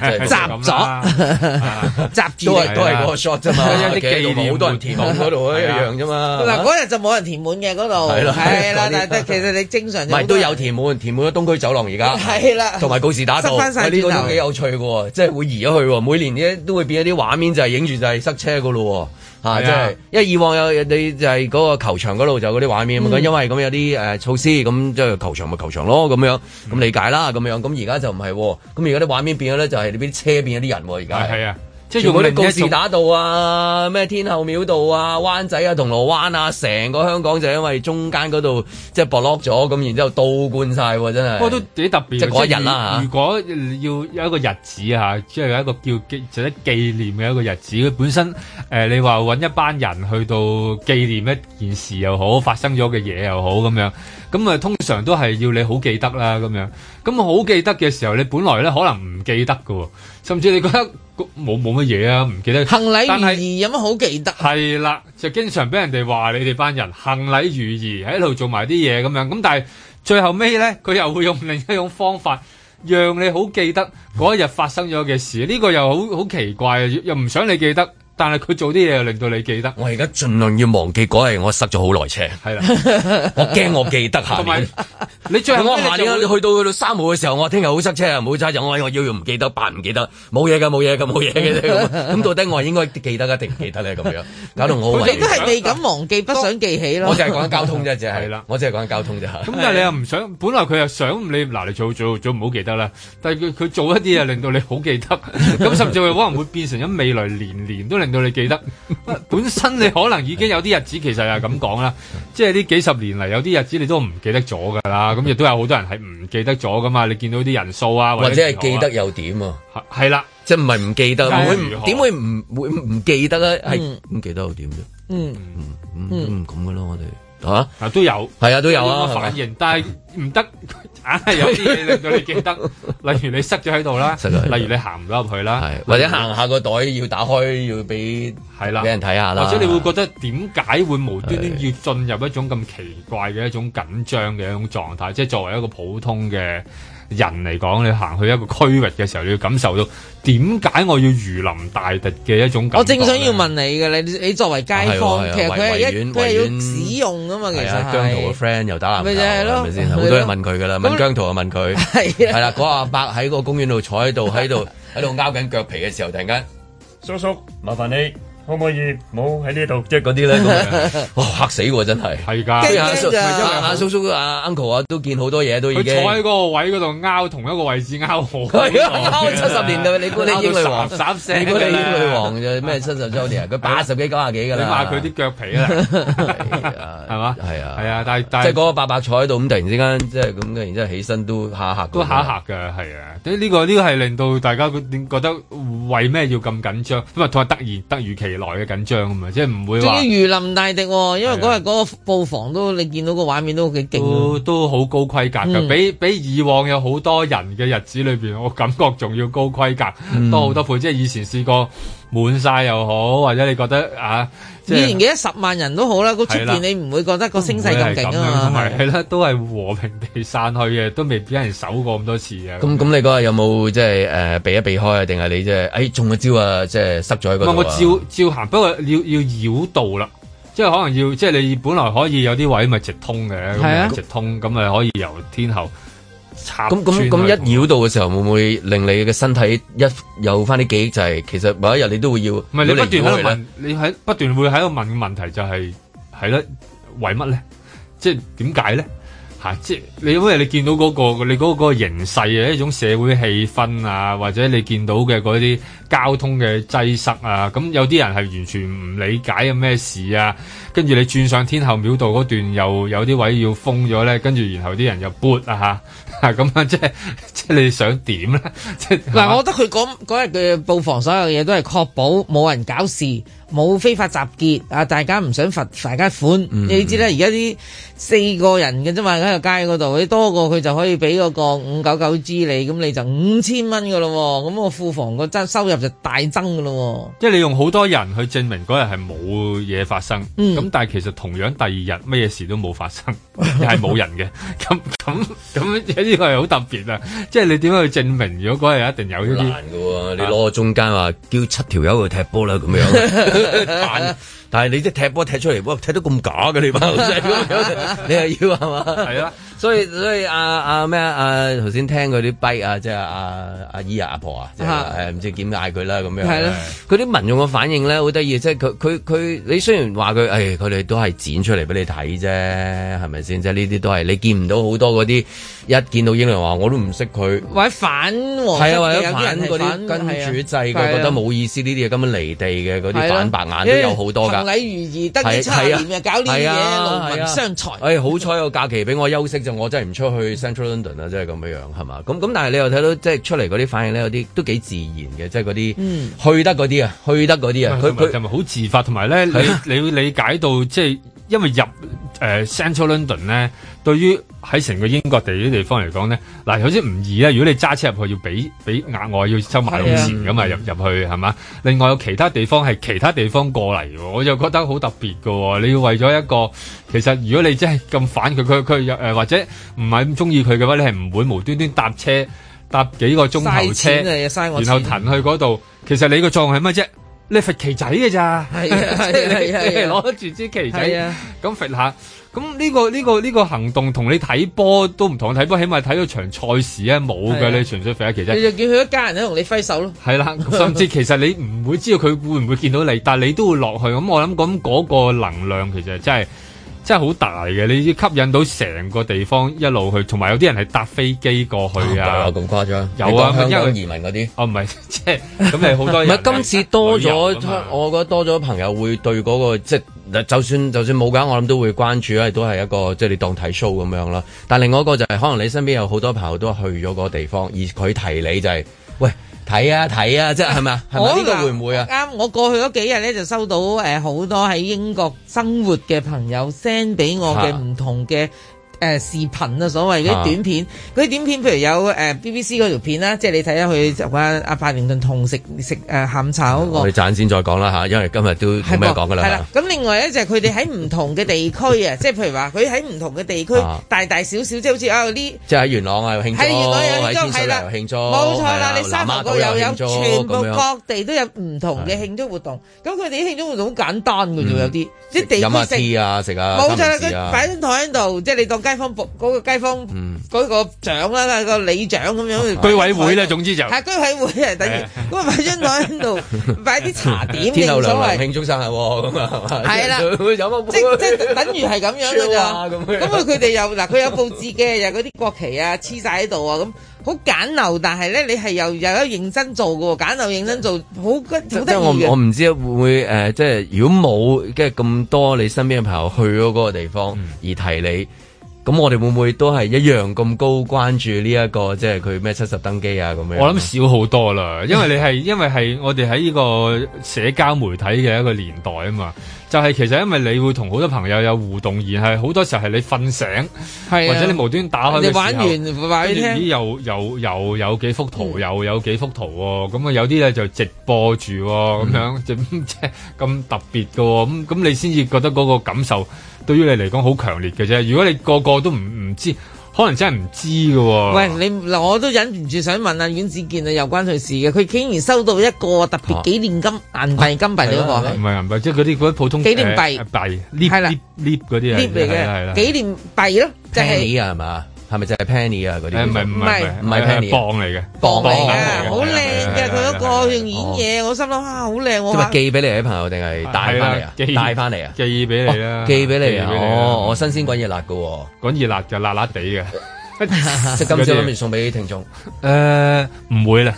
係，閘咗，閘住都係都係嗰個 short 啫嘛，嗰度好多人填空嗰度一樣啫嘛。嗱嗰日就冇人填滿嘅嗰度，係啦，但係其實你正常唔都有填滿，填滿咗東區走廊而家，係啦，同埋告示打道，呢個都幾有趣嘅，即係會移咗去，每年都會變一啲畫面，就係影住就係塞車噶咯。啊，Yeah. 即係，因為以往有，你就係嗰個球場嗰度就有嗰啲畫面咁，mm. 因為咁有啲誒、呃、措施，咁即係球場咪球場咯，咁樣，咁理解啦，咁樣，咁而家就唔係，咁而家啲畫面變咗咧，就係你俾車變咗啲人，而家係。Yeah. 即係如果你告士打道啊，咩天后廟道啊、灣仔啊、銅鑼灣啊，成個香港就因為中間嗰度即係 block 咗，咁然之後倒灌晒喎，真係。嗰、哦、都幾特別。即係嗰日啦，如果要有一個日子啊，啊即係有一個叫做值得紀念嘅一個日子，佢本身誒、呃、你話揾一班人去到紀念一件事又好，發生咗嘅嘢又好咁樣。咁啊，通常都係要你好記得啦，咁樣咁好記得嘅時候，你本來咧可能唔記得嘅，甚至你覺得冇冇乜嘢啊，唔記得。行禮如儀有乜好記得？係啦，就經常俾人哋話你哋班人行禮如儀，喺度做埋啲嘢咁樣。咁但係最後尾咧，佢又會用另一種方法，讓你好記得嗰一日發生咗嘅事。呢個又好好奇怪，又唔想你記得。但係佢做啲嘢令到你記得。我而家盡量要忘記嗰日我塞咗好耐車，係啦，我驚我記得下。你最後咧，去到三號嘅時候，我聽日好塞車啊，唔好揸我，我要唔記得，白唔記得，冇嘢㗎，冇嘢㗎，冇嘢嘅。咁到底我係應該記得定唔記得咧？咁樣搞到我為咗係未敢忘記，不想記起咯。我就係講交通啫，就係。係啦，我就係講緊交通啫。咁但係你又唔想，本來佢又想你嗱你做做做，唔好記得啦。但係佢做一啲嘢令到你好記得，咁甚至會可能會變成咗未來年年都令令到你記得， (laughs) 本身你可能已經有啲日子 (laughs) 其實係咁講啦， (laughs) 即係呢幾十年嚟有啲日子你都唔記得咗噶啦，咁 (laughs) 亦都有好多人係唔記得咗噶嘛。你見到啲人數啊，或者係記得又點啊？係啦，即係唔係唔記得？點會唔會唔記得咧、啊？係唔、嗯、記得又點啫？嗯嗯咁嘅咯，我哋。吓啊都有，係啊都有啊反應，但係唔得，梗係有啲嘢令到你記得，例如你塞咗喺度啦，例如你行唔到入去啦，或者行下個袋要打開要俾，係啦，俾人睇下啦，或者你會覺得點解會無端端要進入一種咁奇怪嘅一種緊張嘅一種狀態，即係作為一個普通嘅。人嚟講，你行去一個區域嘅時候，你要感受到點解我要如臨大敵嘅一種感覺。我正想要問你嘅，你你作為街坊，其實佢一佢係要使用啊嘛。其實，姜濤嘅 friend 又打籃球，係咪先？好多人問佢噶啦，問姜濤就問佢，係啦，嗰阿伯喺個公園度坐喺度，喺度喺度拗緊腳皮嘅時候，突然間，叔叔，麻煩你。可唔可以唔好喺呢度即係嗰啲咧？哇！嚇死喎，真係係㗎。阿阿叔叔阿 uncle 啊，都見好多嘢都已經。坐喺個位嗰度，拗同一個位置，拗。係啊，踎七十年代，你估你英女王啥聲？你估你英女王嘅咩七十周年？佢八十幾九廿幾㗎啦。你話佢啲腳皮啊？係嘛？係啊。係啊，但係即係嗰個伯伯坐喺度，咁突然之間即係咁，突然之間起身都嚇嚇。都嚇嚇㗎，係啊！呢個呢個係令到大家佢覺得為咩要咁緊張？咁啊，同埋得意得預期。內嘅緊張啊嘛，即係唔會話。仲要如臨大敵喎。哦，因為嗰日嗰個布防都的你見到個畫面都幾勁，都都好高規格嘅，嗯、比比以往有好多人嘅日子裏邊，我感覺仲要高規格、嗯、多好多倍。即係以前試過。滿晒又好，或者你覺得啊，即以前幾十萬人都好啦，個出邊你唔會覺得個聲勢咁勁啊嘛？係啦，都係和平地散去嘅，都未俾人守過咁多次啊。咁咁你嗰日有冇即係誒避一避開啊？定係你即係誒中咗招啊？即係塞咗喺嗰度？我照照行，不過要要繞道啦，即係可能要即係你本來可以有啲位咪、就是、直通嘅，咁樣直通咁咪可以由天后，咁咁咁一繞到嘅時候，會唔會令你嘅身體一有翻啲記憶？就係其實某一日你都會要唔係你不斷咧問你喺不斷會喺度問問題，就係係咧為乜咧？即係點解咧？嚇，即係你因為你見到嗰個你嗰個形勢嘅一種社會氣氛啊，或者你見到嘅嗰啲交通嘅擠塞啊，咁有啲人係完全唔理解有咩事啊。跟住你轉上天后廟道嗰段又有啲位要封咗咧，跟住然後啲人又撥啊嚇。啊，咁啊， (laughs) 即係即係你想點咧？即係嗱， (laughs) 吧我覺得佢嗰嗰日嘅布防，所有嘢都係確保冇人搞事。冇非法集結啊！大家唔想罰大家款，嗯、你知啦。而家啲四個人嘅啫嘛，喺個街嗰度，你多過佢就可以俾嗰個五九九支你，咁你就五千蚊嘅咯。咁、那、我、個、庫房個收入就大增嘅咯。即係你用好多人去證明嗰日係冇嘢發生，咁、嗯、但係其實同樣第二日乜嘢事都冇發生，係冇人嘅。咁咁咁呢個係好特別啊！即係你點樣去證明？如果嗰日一定有呢啲難嘅喎、啊、你攞個中間話叫七條友去踢波啦咁樣。 (laughs) 但但係你啲踢波踢出嚟，哇踢到咁假嘅，你話好犀利，你又要係嘛？係啊。所以所以阿阿咩啊阿頭先聽佢啲跛啊，即係阿阿姨啊阿婆啊，誒唔知點嗌佢啦咁樣。係啦，啲民眾嘅反應咧好得意，即係佢佢佢，你雖然話佢，誒佢哋都係剪出嚟俾你睇啫，係咪先？即係呢啲都係你見唔到好多嗰啲，一見到英良話我都唔識佢。為反係啊，為咗反啲跟住制佢，覺得冇意思呢啲嘢。根本離地嘅嗰啲反白眼都有好多㗎。行禮如儀，得意七年啊！搞呢啲嘢勞民傷財。誒好彩個假期俾我休息。我真係唔出去 Central London 啦，即係咁樣樣係嘛？咁咁，但係你又睇到即係、就是、出嚟嗰啲反應咧，有啲都幾自然嘅，即係嗰啲去得嗰啲啊，去得嗰啲啊，佢佢係咪好自發？同埋咧，你你會理解到即係、就是、因為入誒、呃、Central London 咧。對於喺成個英國地啲地方嚟講咧，嗱有啲唔易啊！如果你揸車入去，去，要俾俾額外要收埋路錢咁啊，入入去係嘛？另外有其他地方係其他地方過嚟，我又覺得好特別㗎。你要為咗一個，其實如果你真係咁反佢，佢又，誒或者唔係咁中意佢嘅話，你係唔會無端端搭車搭幾個鐘頭車，然後騰去嗰度。其實你個狀係乜啫？揈旗仔嘅咋？係啊，係啊，係啊攞住支旗仔啊，咁揈下。咁呢個呢個呢個行動同你睇波，都唔同，睇波起碼睇到場賽事咧，冇嘅、啊、你純粹睇下其實你就叫佢一家人喺度同你揮手咯，係啦，甚至其實你唔會知道佢會唔會見到你，但係你都會落去。咁我諗咁嗰個能量其實真係真係好大嘅，你吸引到成個地方一路去，同埋有啲人係搭飛機過去啊，咁誇張？有啊，因為移民嗰啲哦，唔係即係咁你好多 (laughs) 是，唔是今次多咗，我覺得多咗朋友會對嗰個即。嗱，就算就算冇㗎，我諗都會關注啊，都係一個即係你當睇 show 咁樣咯。但另外一個就係、是，可能你身邊有好多朋友都去咗個地方，而佢提你就係、是，喂，睇啊睇啊，即係係咪啊？係咪呢個會唔會啊？啱， (laughs) 我過去嗰幾日咧就收到誒好、呃、多喺英國生活嘅朋友 send 俾我嘅唔同嘅。 (laughs) 誒視頻啊，所謂啲短片，嗰啲短片，譬如有誒 BBC 嗰條片啦，即係你睇下佢就話阿法明頓同食食誒下午茶嗰個。我哋暫先再講啦嚇，因為今日都冇咩講㗎啦。係啦，咁另外咧就係佢哋喺唔同嘅地區啊，即係譬如話佢喺唔同嘅地區，大大小小，即係好似啊呢，即係喺元朗啊慶祝，喺元朗有慶祝，係啦，冇錯啦，你三萬個又有，全部各地都有唔同嘅慶祝活動。咁佢哋慶祝活動好簡單㗎啫，有啲即地區食啊食啊，冇錯啦，佢擺張台喺度，即係你當。街坊嗰個街坊嗰個長啦，個理長咁樣去。居委會咧，總之就係居委會，係等於咁啊，擺張台喺度，擺啲茶點，天后娘娘慶祝生日咁啊，係啦，即即等於係咁樣噶咋咁啊？佢哋又嗱，佢有布置嘅，有嗰啲國旗啊，黐晒喺度啊，咁好簡陋，但係咧，你係又又有認真做噶簡陋認真做好，即係我唔知會唔會誒，即係如果冇即係咁多你身邊嘅朋友去咗嗰個地方而提你。咁我哋會唔會都係一樣咁高關注呢？這、一個即係佢咩七十登基啊咁樣？我諗少好多啦，因為你係 (laughs) 因為係我哋喺呢個社交媒體嘅一個年代啊嘛，就係、是、其實因為你會同好多朋友有互動，而係好多時候係你瞓醒，啊、或者你無端打開，你玩完話俾聽，又又又有幾幅圖，又有，有幾幅圖喎、哦，咁啊、嗯、有啲咧就直播住喎、哦，咁樣咁即係咁特別嘅喎、哦，咁咁你先至覺得嗰個感受。對於你嚟講好強烈嘅啫，如果你個個都唔唔知，可能真係唔知嘅喎、啊。喂，你嗱我都忍唔住想問阿阮子健啊，有關佢事嘅，佢竟然收到一個特別紀念金銀、啊啊、係係銀幣、金幣嗰個，唔係銀幣，即係嗰啲嗰啲普通紀念幣幣，係啦，係啦，係啦，紀念幣咯，即係啊，係嘛？係咪就係 Penny 啊？嗰啲唔係唔係唔係 Penny，棒嚟嘅棒嚟嘅，好靚嘅，佢嗰個仲演嘢，我心諗啊好靚我。咪寄俾你嘅朋友定係帶翻嚟啊？帶翻嚟啊？寄俾你啦！寄俾你啊！哦，我新鮮滾熱辣嘅喎，滾熱辣就辣辣地嘅。今次有冇送俾聽眾？誒唔會啦，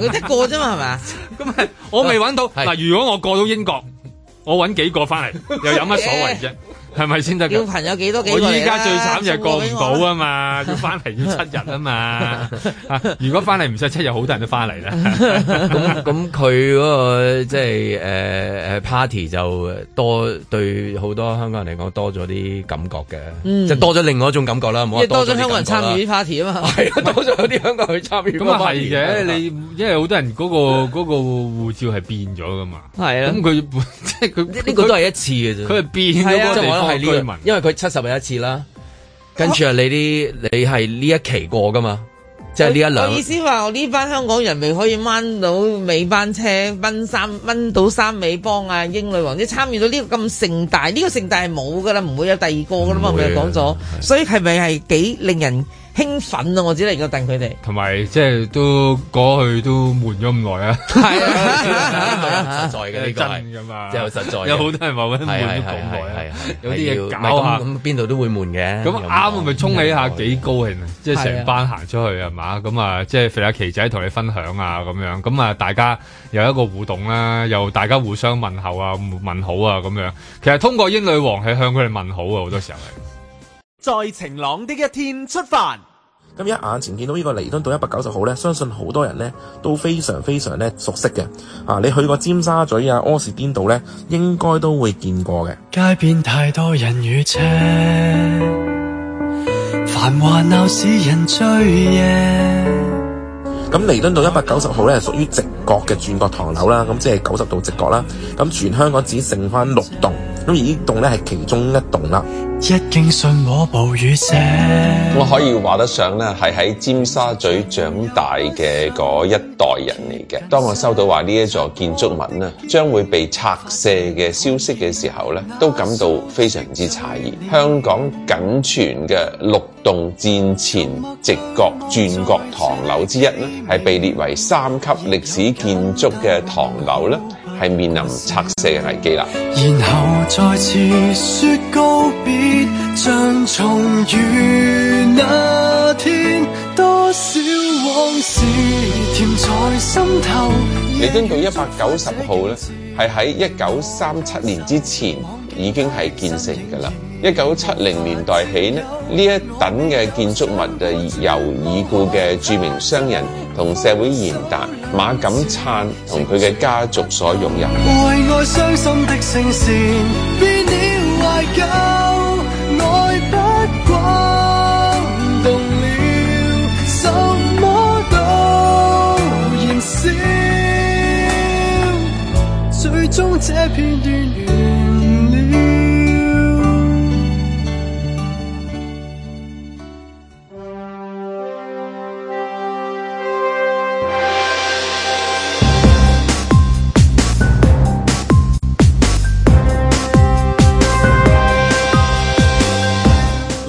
一個啫嘛，係咪啊？咁我未揾到嗱，如果我過到英國，我揾幾個翻嚟又有乜所謂啫？係咪先得？叫朋友幾多幾？我而家最慘就係過唔到啊嘛！要翻嚟要七日啊嘛！如果翻嚟唔使七日，好多人都翻嚟啦。咁咁佢嗰個即係誒誒 party 就多對好多香港人嚟講多咗啲感覺嘅，就多咗另外一種感覺啦。即係多咗香港人參與啲 party 啊嘛！係啊，多咗啲香港去參與。咁啊係嘅，你因為好多人嗰個嗰個護照係變咗噶嘛？係啊。咁佢即係佢呢個都係一次嘅啫。佢係變咗個地方。係呢，這個、文因為佢七十係一次啦，跟住啊，你啲你係呢一期過噶嘛，我即係呢一兩。意思話我呢班香港人未可以掹到尾班車，掹三掹到三尾幫啊，英女王，你參與到呢個咁盛大，呢、呢個盛大係冇噶啦，唔會有第二個噶啦嘛，我哋講咗，是是的所以係咪係幾令人？興奮啊，我只能夠戥佢哋，同埋即係都過去都悶咗咁耐啊！係啊，實在嘅呢個真嘅嘛，又實在。有好多人話溫悶咗咁耐啊，有啲嘢搞下，咁邊度都會悶嘅。咁啱咪衝起下幾高興啊！即係成班行出去係嘛，咁啊，即係肥阿奇仔同你分享啊，咁樣，咁啊，大家有一個互動啦，又大家互相問候啊，問好啊，咁樣。其實通過英女皇係向佢哋問好啊，好多時候係。在晴朗的一天出發，咁一眼前見到呢個彌敦道一百九十號呢，相信好多人呢都非常非常呢熟悉嘅。啊，你去過尖沙咀啊、柯士甸道呢，應該都會見過嘅。街邊太多人與車，繁華鬧市人醉夜。咁彌敦道一百九十號咧，屬於直角嘅轉角唐樓啦，咁即係九十度直角啦。咁全香港只剩翻六棟，咁而呢棟咧係其中一棟啦。我暴雨我可以話得上咧，係喺尖沙咀長大嘅嗰一代人嚟嘅。當我收到話呢一座建築物咧將會被拆卸嘅消息嘅時候咧，都感到非常之詫異。香港僅存嘅六動戰前直角轉角唐樓之一咧，係被列為三級歷史建築嘅唐樓呢係面臨拆卸危機啦。然後再次說告別，像重遇那天，多少往事甜在心頭。嗯、語彌敦道一百九十號呢係喺一九三七年之前已經係建成噶啦。一九七零年代起咧，呢一等嘅建築物就由已故嘅著名商人同社會賢達馬錦燦同佢嘅家族所擁有。為愛傷心的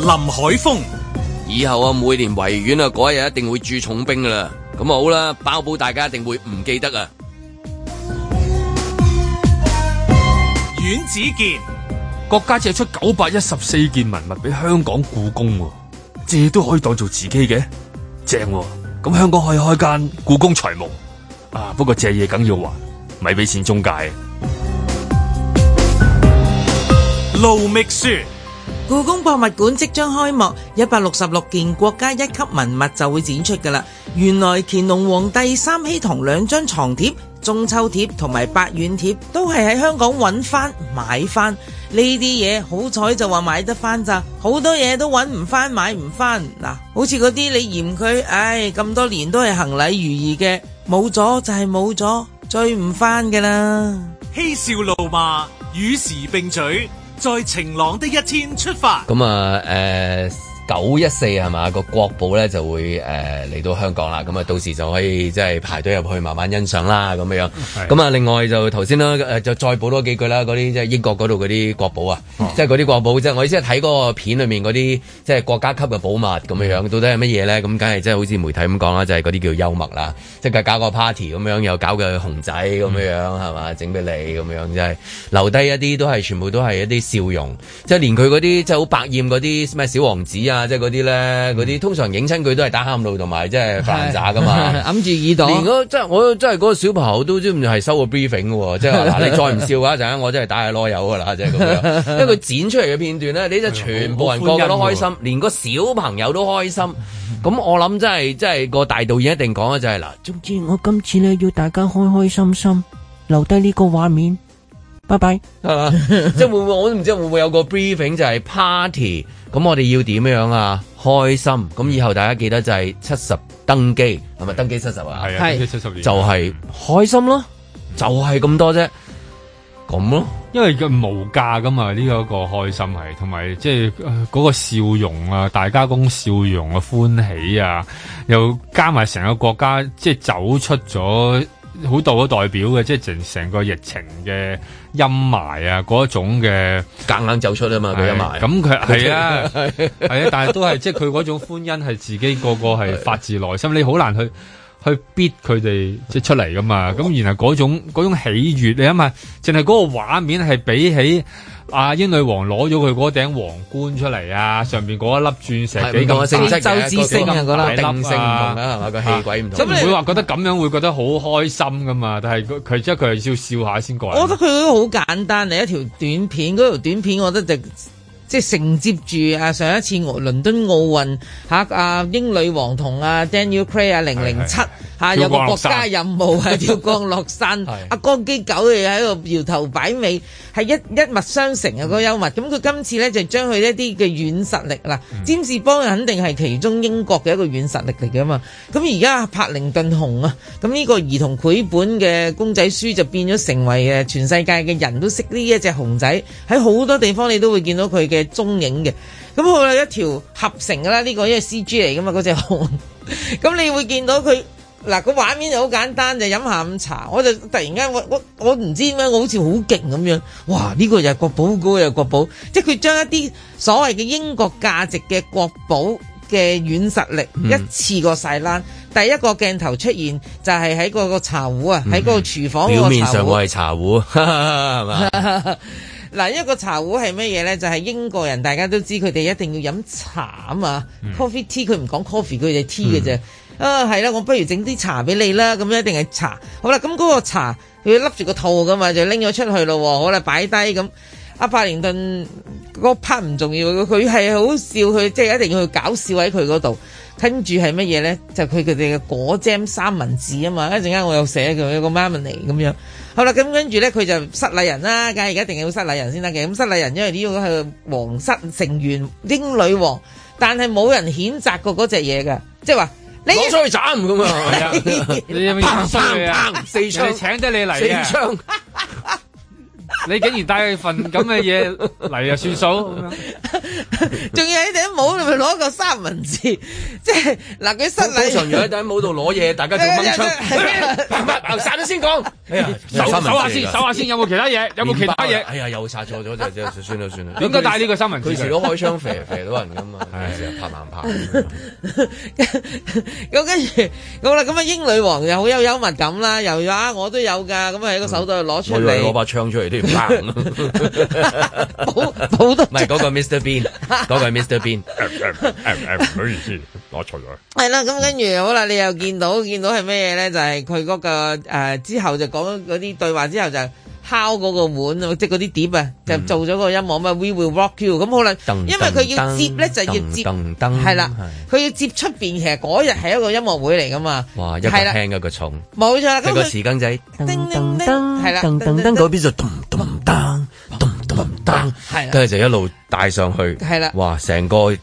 林海峰，以後啊每年維園啊嗰日一定會駐重兵噶啦，咁啊好啦，包保大家一定會唔記得啊。阮子健，國家借出九百一十四件文物俾香港故宮、啊，借都可以當做自己嘅，正、啊，咁香港可以開間故宮財務啊，不過借嘢梗要還咪俾錢中介、啊。盧覓雪。故宮博物館即將開幕，一百六十六件國家一級文物就會展出噶啦。原來乾隆皇帝三希堂兩張床帖，中秋帖同埋伯遠帖都係喺香港揾翻買翻呢啲嘢，好彩就話買得翻咋，好多嘢都揾唔翻買唔翻。嗱，好似嗰啲你嫌佢，唉，咁多年都係行禮如儀嘅，冇咗就係冇咗，追唔翻噶啦。嬉笑怒罵與時並舉。.在晴朗的一天出發。咁啊，誒、呃。九一四係嘛個國寶咧就會誒嚟、呃、到香港啦，咁啊到時就可以即係、就是、排隊入去慢慢欣賞啦咁樣樣。咁啊的另外就頭先啦誒就再補多幾句啦，啲即係英國度啲國寶啊，即係啲國寶即係我意思係睇個片裏面啲即係國家級嘅寶物咁樣樣到底係乜嘢咧？咁梗係即係好似媒體咁講啦，就係、是、啲叫幽默啦，即、就、係、是、搞個 party 咁樣又搞嘅熊仔咁樣、嗯、樣係嘛，整俾你咁樣就係、是、留低一啲都係全部都係一啲笑容，即、就、係、是、連佢啲即係好百厭啲咩小王子啊～即係嗰啲咧，嗰啲 (music) 通常影親佢都係打喊路同埋即係煩渣噶嘛，揞住耳朵。 (music) 連嗰、那個、即係我即係嗰個小朋友都知唔係收個 briefing 喎，即係嗱，你再唔笑嘅一陣，我真係打下囉柚噶啦， (laughs) 即係咁樣。因為佢剪出嚟嘅片段咧，你、嗯、就全部人個，個個都開心，嗯、連個小朋友都開心。咁我諗真係真係個大導演一定講嘅就係、是、嗱， (music) 總之我今次咧要大家開開心心，留低呢個畫面。拜拜，係嘛 Bye？ (laughs) (laughs) 即係會唔會我都唔知會唔會有個 briefing 就係 party 咁？我哋要點樣啊？開心咁以後大家記得就係七十登基，係咪、嗯、登基七十啊？係登基七十年就係開心咯，嗯、就係咁多啫，咁咯、啊。因為佢無價噶嘛，呢、這、一個開心係同埋即係嗰個笑容啊，大家公笑容啊，歡喜啊，又加埋成個國家即係、就是、走出咗好多代表嘅，即係成成個疫情嘅。陰霾啊，嗰一種嘅夾硬走出啊嘛，佢陰霾。咁佢係啊，係啊，但係都係 (laughs) 即係佢嗰種歡欣係自己個個係發自內心， (noise) 你好難去去逼佢哋即係出嚟噶嘛。咁 (noise) 然後嗰種 (noise) 種喜悦，你諗下，淨係嗰個畫面係比起。阿、啊、英女王攞咗佢嗰頂皇冠出嚟啊，上邊嗰一粒鑽石幾咁嘅非洲之星啊，嗰粒、啊、定性唔同啦、啊，係嘛、啊、個氣鬼唔同、啊，即係唔會話覺得咁樣會覺得好開心噶嘛，但係佢即係佢要笑下先過嚟。我覺得佢好簡單，係一條短片，嗰條短片我覺得就。即係承接住啊上一次倫敦奧運吓啊，啊英女王同啊 Daniel Craig 7, 是是是啊零零七吓有個國家任務係跳降落傘阿哥 (laughs) 的、啊、基狗又喺度搖頭擺尾，係一一脈相承啊個幽默。咁佢、嗯、今次咧就將佢一啲嘅軟實力嗱，占士邦肯定係其中英國嘅一個軟實力嚟嘅嘛。咁而家柏靈頓熊啊，咁呢、啊、個兒童繪本嘅公仔書就變咗成為誒全世界嘅人都識呢一隻熊仔，喺好多地方你都會見到佢嘅。嘅蹤影嘅，咁佢係一條合成噶啦，呢、這個因為、這個、C G 嚟噶嘛，嗰隻熊，咁你會見到佢嗱個畫面就好簡單，就飲下午茶，我就突然間我我我唔知點解我好似好勁咁樣，哇呢個又國寶，嗰個又國寶，即係佢將一啲所謂嘅英國價值嘅國寶嘅軟實力一次過晒冷，第一個鏡頭出現就係喺嗰個茶壺啊，喺嗰個廚房表面上我係茶壺，係嘛？嗱，一個茶壺係乜嘢咧？就係、是、英國人，大家都知佢哋一定要飲茶啊嘛。Mm. Coffee tea 佢唔講 coffee，佢就 tea 嘅啫。Mm. 啊，係啦，我不如整啲茶俾你啦。咁、嗯、一定係茶。好啦，咁、嗯、嗰、那個茶佢笠住個套㗎嘛，就拎咗出去咯。好啦，擺低咁。阿、嗯啊、柏靈頓嗰 part 唔重要，佢係好笑，佢即係一定要去搞笑喺佢嗰度。跟住係乜嘢咧？就佢佢哋嘅果醬三文治啊嘛，一陣間我有寫佢有個馬文尼咁樣。好啦，咁跟住咧，佢就失禮人啦，梗係而家一定要失禮人先得嘅。咁失禮人因為呢個係皇室成員、英女王，但係冇人譴責過嗰隻嘢嘅，即係話攞出去斬咁啊！你有冇？ (laughs) 四槍請得你嚟嘅。你竟然帶佢份咁嘅嘢嚟啊算數？仲要喺頂帽度攞個三文治，即係嗱，佢失禮。通常如果喺頂帽度攞嘢，大家做掹槍。殺咗先講。手下先，手下先，有冇其他嘢？有冇其他嘢？哎呀，又殺錯咗，即 (laughs) 算啦，算啦。應該帶呢個三文治。佢如果開槍，肥射到人噶嘛，有時拍難拍。咁跟住好啦，咁啊英女王又好有幽默感啦，又話、啊、我都有噶，咁啊喺個手度攞出嚟，攞、嗯、把槍出嚟補補得，唔係嗰個 Mr. Bean，嗰 (laughs) 個 Mr. Bean，唔好 (laughs) 意思， (laughs) 我錯咗。係啦，咁跟住好啦，你又見到見到係咩嘢咧？就係佢嗰個誒、呃、之後就講嗰啲對話之後就。敲嗰個碗即係嗰啲碟啊，就做咗個音樂嘛。We will rock you，咁可能因為佢要接咧，就要接，係啦，佢要接出邊。其實嗰日係一個音樂會嚟噶嘛。哇，一個輕一個重，冇錯。咁個匙羹仔，係啦，嗰邊就咚咚噔，咚咚噔，係，跟住就一路帶上去，係啦，哇，成個。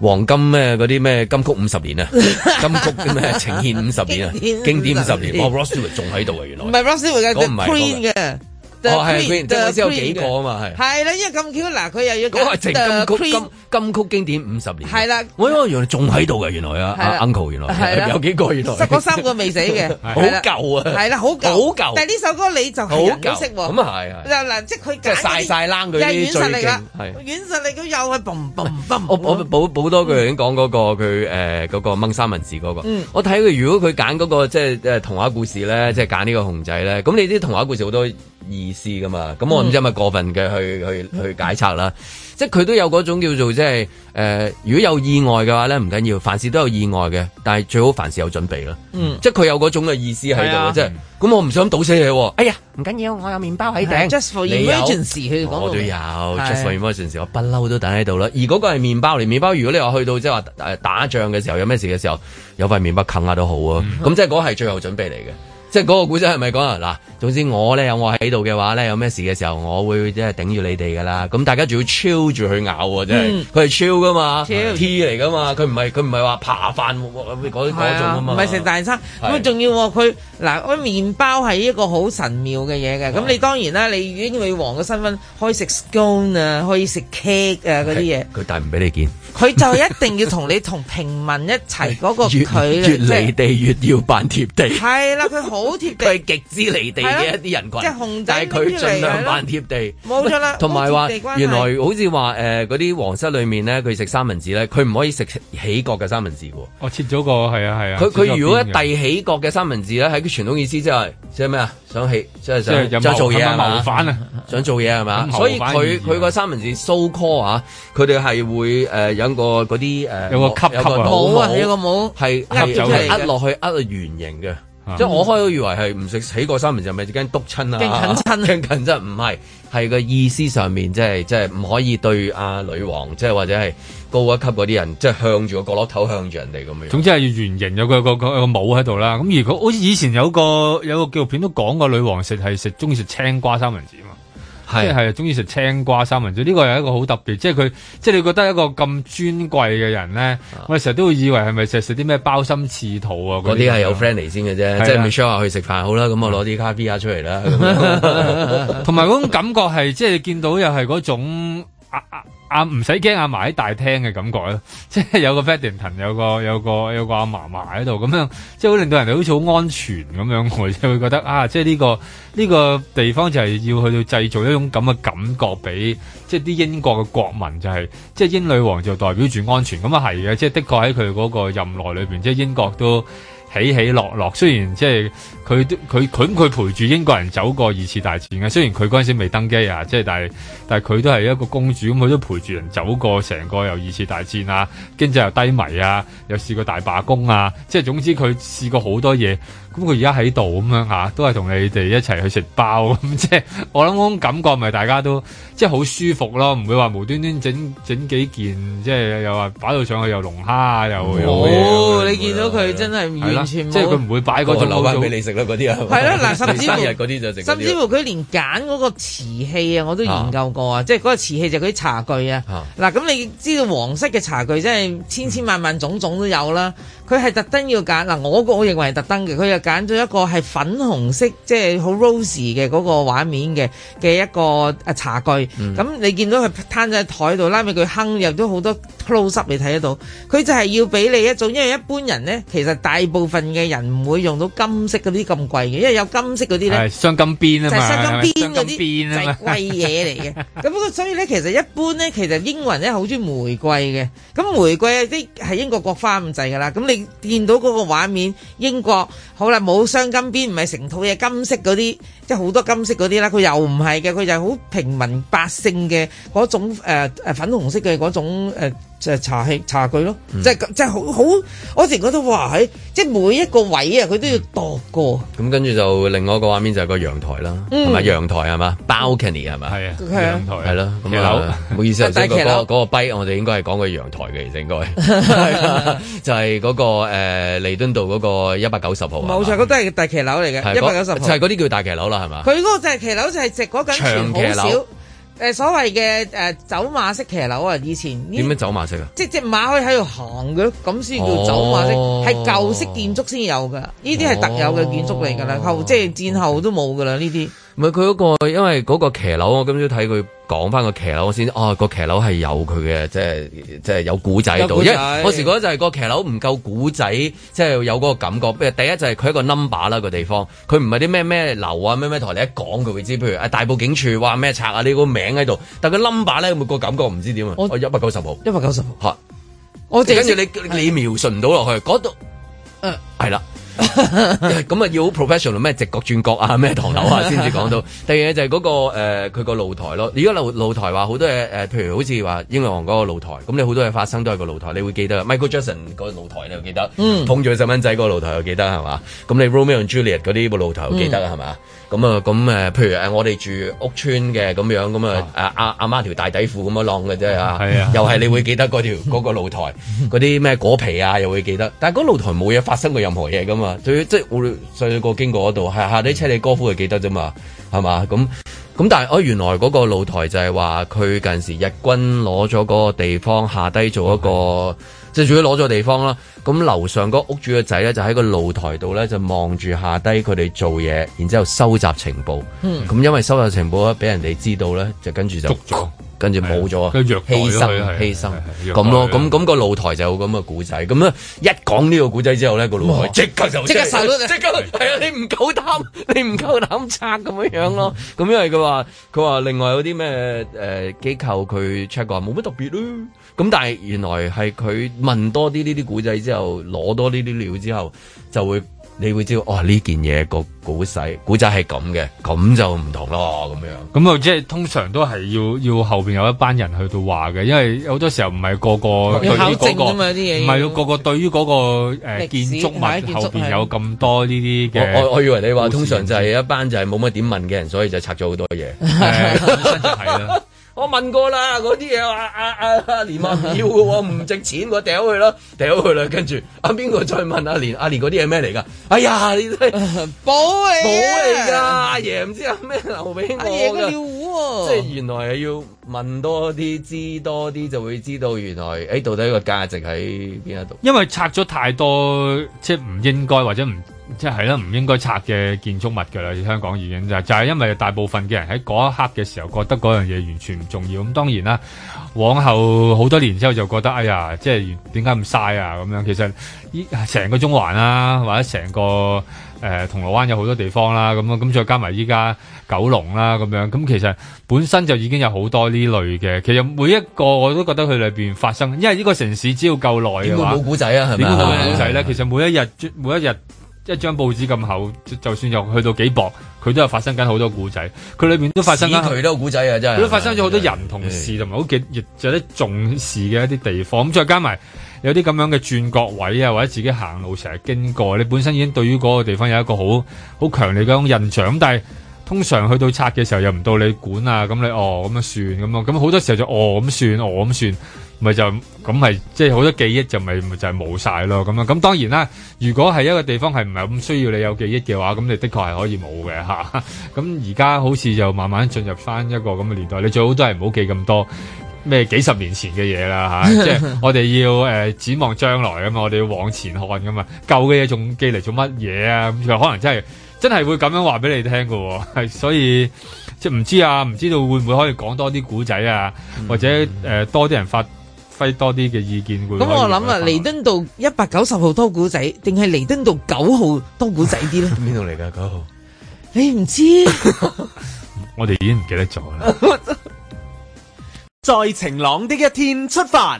黃金咩嗰啲咩金曲五十年啊，金曲咩 (laughs) 呈現五十年啊， (laughs) 經典五十年。年 (laughs) 哦，Ross Stewart 仲喺度啊，原來唔係 Ross Stewart 嘅，我唔係。那個哦，係，即係我先有幾個啊嘛，係係啦，因為咁 Q，嗱佢又要講係即係金曲金曲經典五十年，係啦，我原來仲喺度嘅，原來啊，Uncle 原來係啦，有幾個原來，嗰三個未死嘅，好舊啊，係啦，好舊，好舊，但係呢首歌你就好唔識喎，咁啊係，嗱嗱，即係佢揀啲，即係晒晒冷嗰啲，最勁係，實力佢又係嘣嘣嘣。我我補補多句，已經講嗰個佢誒嗰個掹三文治嗰個，嗯，我睇佢如果佢揀嗰個即係誒童話故事咧，即係揀呢個熊仔咧，咁你啲童話故事好多。意思噶嘛？咁我唔知係咪過分嘅去去去解拆啦。即係佢都有嗰種叫做即係誒，如果有意外嘅話咧，唔緊要，凡事都有意外嘅。但係最好凡事有準備啦。嗯，即係佢有嗰種嘅意思喺度，即係咁我唔想倒死你。哎呀，唔緊要，我有麵包喺頂。Just for emergency，佢我都有，just for emergency，我不嬲都等喺度啦。而嗰個係麵包嚟，麵包如果你話去到即係話打仗嘅時候有咩事嘅時候，有塊麵包啃下都好啊。咁即係嗰係最後準備嚟嘅。即係嗰個古仔係咪講啊？嗱，總之我咧有我喺度嘅話咧，有咩事嘅時候，我會即係頂住你哋噶啦。咁大家仲要超住佢咬啊，真係佢係超噶嘛，tea 嚟噶嘛，佢唔係佢唔係話扒飯嗰嗰種啊嘛，唔係食大餐咁，仲、啊、要佢嗱嗰麵包係一個好神妙嘅嘢嘅。咁、啊、你當然啦，你已經以女王嘅身份可以食 scone 啊，可以食 cake 啊嗰啲嘢，佢帶唔俾你見。佢 (laughs) 就一定要同你同平民一齊嗰個佢，越離地越要扮貼地。係啦，佢好貼地，佢係極之離地嘅一啲人群。即係控制，但係佢盡量扮貼地，冇錯啦。同埋話原來好似話誒嗰啲皇室裏面咧，佢食三文治咧，佢唔可以食起角嘅三文治噶。我切咗個係啊係啊。佢佢、啊、如果一遞起角嘅三文治咧，喺佢傳統意思之外，即係咩啊？想起即係就就做嘢啊，謀反啊，想做嘢係嘛？所以佢佢個三文治 so call 啊，佢哋係會誒有個嗰啲誒有個吸有個帽啊，有個帽係係呃落去呃個圓形嘅，即係我開咗以為係唔食起個三文治咪驚篤親啊，近親近親，真唔係。係個意思上面，即係即係唔可以對阿、啊、女王，即係或者係高一級嗰啲人，即係向住個角落頭向，向住人哋咁樣。總之係圓形有，有個個個個帽喺度啦。咁如果好似以前有個有個紀錄片都講過女王食係食鍾意食青瓜三文治嘛。是即係係中意食青瓜三文治，呢個又一個好特別。即係佢，即係你覺得一個咁尊貴嘅人呢，啊、我哋成日都會以為係咪食食啲咩鮑參翅肚啊？嗰啲係有 friend 嚟先嘅啫，是的 即係咪 show 下佢去食飯好啦，咁我攞啲卡啤卡出嚟啦。同埋嗰種感覺係，即係你見到又係嗰種。啊啊啊！唔使驚啊，埋喺大廳嘅感覺咯，即係有個 Paddington，有個有個有個阿嫲嫲喺度，咁樣即係好令到人哋好似好安全咁樣，我就會覺得啊，即係呢個呢個地方就係要去到製造一種咁嘅感覺，俾即係啲英國嘅國民就係，即係英女王就代表住安全，咁啊係嘅，即係的確喺佢嗰個任內裏邊，即係英國都起起落落，雖然即係。佢佢佢陪住英國人走過二次大戰嘅，雖然佢嗰陣時未登基啊，即係但係但係佢都係一個公主，咁佢都陪住人走過成個由二次大戰啊，經濟又低迷啊，又試過大罷工啊，即係總之佢試過好多嘢。咁佢而家喺度咁樣吓，都係同你哋一齊去食包咁，即係我諗嗰種感覺咪大家都即係好舒服咯，唔會話無端端整整幾件，即係又話擺到上去又龍蝦又。哦，你見到佢真係完全冇。即係佢唔會擺嗰種。我留翻俾你食啦。嗰啲啊，係咯，嗱，甚至乎， (laughs) 甚至乎佢連揀嗰個瓷器啊，我都研究過啊，即係嗰個瓷器就嗰啲茶具啊。嗱、啊，咁你知道黃色嘅茶具，即係千千萬萬種種都有啦。嗯佢係特登要揀，嗱，我個我認為係特登嘅，佢又揀咗一個係粉紅色，即係好 rosy 嘅嗰個畫面嘅嘅一個誒茶具。咁你見到佢攤咗喺台度，拉尾佢坑入咗好多 close-up，你睇得到。佢就係要俾你一種，因為一般人咧，其實大部分嘅人唔會用到金色嗰啲咁貴嘅，因為有金色嗰啲咧，雙金邊啊嘛，雙金邊嗰啲就係貴嘢嚟嘅。咁不過所以咧，其實一般咧，其實英國人咧好鍾意玫瑰嘅，咁玫瑰啊啲係英國國花咁滯㗎啦。咁你。見到嗰個畫面，英國好啦，冇雙金邊，唔係成套嘢金色嗰啲。即係好多金色嗰啲啦，佢又唔係嘅，佢就好平民百姓嘅嗰種誒、呃、粉紅色嘅嗰種誒誒、呃、茶器茶具咯，嗯、即係即係好好，我成日覺得哇喺即係每一個位啊，佢都要度過。咁跟住就另外一個畫面就係個陽台啦，係咪陽台係嘛？Balcony 係嘛？係、嗯、啊，陽台係、啊、咯，騎樓。唔好意思啊，即係嗰嗰個碑，那個、te, 我哋應該係講個陽台嘅，而家應該 (laughs) (laughs) 就係嗰、那個誒彌、嗯、敦道嗰個一百九十號。冇錯，都係大騎樓嚟嘅，一百九十，就係嗰啲叫大騎樓啦。 (laughs) 佢嗰個就係騎樓，就係直嗰緊長騎樓，呃、所謂嘅誒、呃、走馬式騎樓啊！以前點樣走馬式啊？即隻馬可以喺度行嘅，咁先叫走馬式，係、哦、舊式建築先有嘅，呢啲係特有嘅建築嚟㗎啦，後、哦、即戰後都冇㗎啦，呢啲。唔係佢嗰個，因為嗰個騎樓，我今朝睇佢講翻個騎樓，我先哦個騎樓係有佢嘅，即係即係有古仔喺度。因為我時覺得就係個騎樓唔夠古仔，即係有嗰個感覺。譬如第一就係佢一個 number 啦個地方，佢唔係啲咩咩樓啊咩咩台，你一講佢會知。譬如大埔警署話咩拆啊，你個名喺度，但佢 number 咧每個感覺唔知點啊。我一百九十號，一百九十號。嚇！我跟住你你描述唔到落去嗰度，誒係啦。咁啊， (laughs) 要 professional 咩？直角轉角啊，咩唐樓啊，先至講到。第二嘢就係嗰，那個誒，佢，呃，個露台咯。如果露露台話好多嘢，誒、呃，譬如好似話英女王嗰個露台，咁你好多嘢發生都係個露台。你會記得 Michael Jackson 嗰個露台你我記得，嗯，碰住個細蚊仔嗰個露台，我記得係嘛。咁你 Romeo and Juliet 嗰啲露台記得係嘛？ (laughs) 咁啊，咁誒、嗯，譬如誒，我哋住屋村嘅咁樣，咁啊，阿阿、啊啊啊、媽條大底褲咁樣晾嘅啫嚇，啊啊、又係你會記得嗰條嗰個露台嗰啲咩果皮啊，又會記得，但係嗰露台冇嘢發生過任何嘢噶嘛，對即係細細個經過嗰度，係下低車厘哥夫會記得啫嘛，係嘛？咁咁但係，哦原來嗰個露台就係話佢近時日軍攞咗嗰個地方下低做一個。即係主要攞咗地方啦，咁樓上嗰屋主個仔咧就喺個露台度咧就望住下低佢哋做嘢，然之後收集情報。咁因為收集情報咧俾人哋知道咧，就跟住就捉咗，跟住冇咗，跟住犧牲犧牲咁咯，咁咁個露台就有咁嘅古仔。咁樣一講呢個古仔之後咧，個露台即刻就即刻殺咗，即刻係啊！你唔夠膽，你唔夠膽拆咁樣樣咯，咁樣嚟噶嘛。因為佢話，佢話另外有啲咩誒機構佢 check 過，冇乜特別咯。咁但係原來係佢問多啲呢啲古仔之後，攞多呢啲料之後，就會你會知道，哦，呢件嘢個古仔古仔係咁嘅，咁就唔同咯咁樣。咁啊即係通常都係要要後邊有一班人去到話嘅，因為好多時候唔係個個考證啫嘛啲嘢，唔係咯個個對於嗰個誒建築物後邊面 有咁多呢啲嘅。我以為你話通常就係一班就係冇乜點問嘅人，所以就拆咗好多嘢。係啦。我問過啦，嗰啲嘢阿阿阿阿連唔要嘅，唔值錢，我掉佢啦，掉佢啦。跟住阿邊個再問阿、啊、連阿、啊、連嗰啲嘢咩嚟噶？哎呀，呢啲寶嚟，寶嚟噶。阿爺唔知阿咩留俾，阿爺嘅。即係、er. 原來係要問多啲，知多啲就會知道原來誒到底個價值喺邊一度。因為拆咗太多，即係唔應該或者唔。即係啦，唔應該拆嘅建築物嘅啦，香港已經就係，就係、係、因為大部分嘅人喺嗰一刻嘅時候覺得嗰樣嘢完全唔重要。咁當然啦，往後好多年之後就覺得，哎呀，即係點解咁嘥啊？咁樣其實成個中環啦、啊，或者成個誒、呃、銅鑼灣有好多地方啦、啊，咁咁再加埋依家九龍啦、啊，咁樣咁其實本身就已經有好多呢類嘅。其實每一個我都覺得佢裏邊發生，因為呢個城市只要夠耐嘅話，點會冇故仔啊？係咪啊？點會冇故仔咧？吧其實每一日，每一日。一張報紙咁厚，就算又去到幾薄，佢都係發生緊好多故仔。佢裏面都發生咗好多故仔啊，真係。佢都發生咗好多人同事同埋好幾亦有啲重視嘅一啲地方。咁再加埋有啲咁樣嘅轉角位啊，或者自己行路成日經過，你本身已經對於嗰個地方有一個好好強烈嘅印象。咁但係，通常去到拆嘅時候又唔到你管啊，咁你哦咁樣算咁咯，咁好多時候就哦咁算哦咁算，咪、哦、就咁係即係好多記憶就咪咪就係冇晒咯咁樣。咁當然啦，如果係一個地方係唔係咁需要你有記憶嘅話，咁你的確係可以冇嘅吓。咁而家好似就慢慢進入翻一個咁嘅年代，你最好都係唔好記咁多咩幾十年前嘅嘢啦吓。啊、 (laughs) 即係我哋要誒、呃、展望將來啊嘛，我哋要往前看噶嘛，舊嘅嘢仲記嚟做乜嘢啊？咁就可能真係。真係會咁樣話俾你聽噶、哦，係所以即係唔知啊，唔知道會唔會可以講多啲古仔啊，嗯、或者誒、呃、多啲人發揮多啲嘅意見。咁、嗯、我諗啊，彌敦道一百九十號多古仔，定係彌敦道九號多古仔啲咧？邊度嚟噶九號？你唔知？ (laughs) (laughs) 我哋已經唔記得咗啦。在 (laughs) 晴朗的一天出發。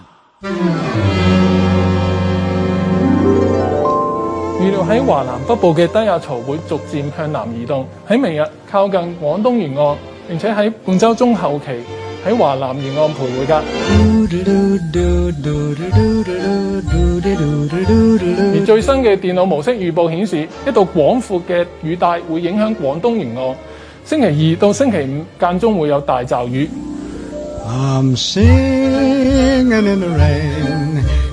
喺華南北部嘅低壓槽會逐漸向南移動，喺明日靠近廣東沿岸，並且喺半周中後期喺華南沿岸徘徊噶。而最新嘅電腦模式預報顯示，一道廣闊嘅雨帶會影響廣東沿岸，星期二到星期五間中會有大驟雨。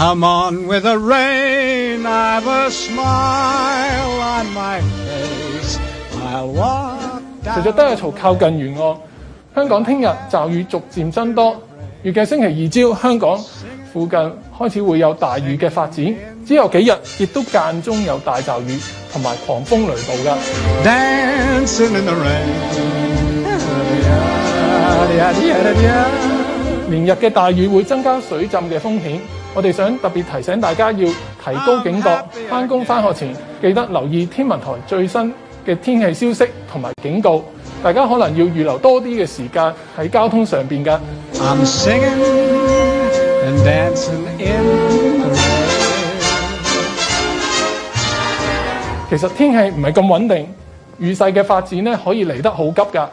隨着低壓槽靠近沿岸，香港聽日驟雨逐漸增多，預計星期二朝香港附近開始會有大雨嘅發展，之後幾日亦都間中有大驟雨同埋狂風雷暴嘅。Dancing in the rain. 明 (laughs) 日嘅大雨會增加水浸嘅風險。我哋想特別提醒大家要提高警覺，返工返學前記得留意天文台最新嘅天氣消息同埋警告。大家可能要預留多啲嘅時間喺交通上面㗎。其實天氣唔係咁穩定，雨勢嘅發展咧可以嚟得好急㗎，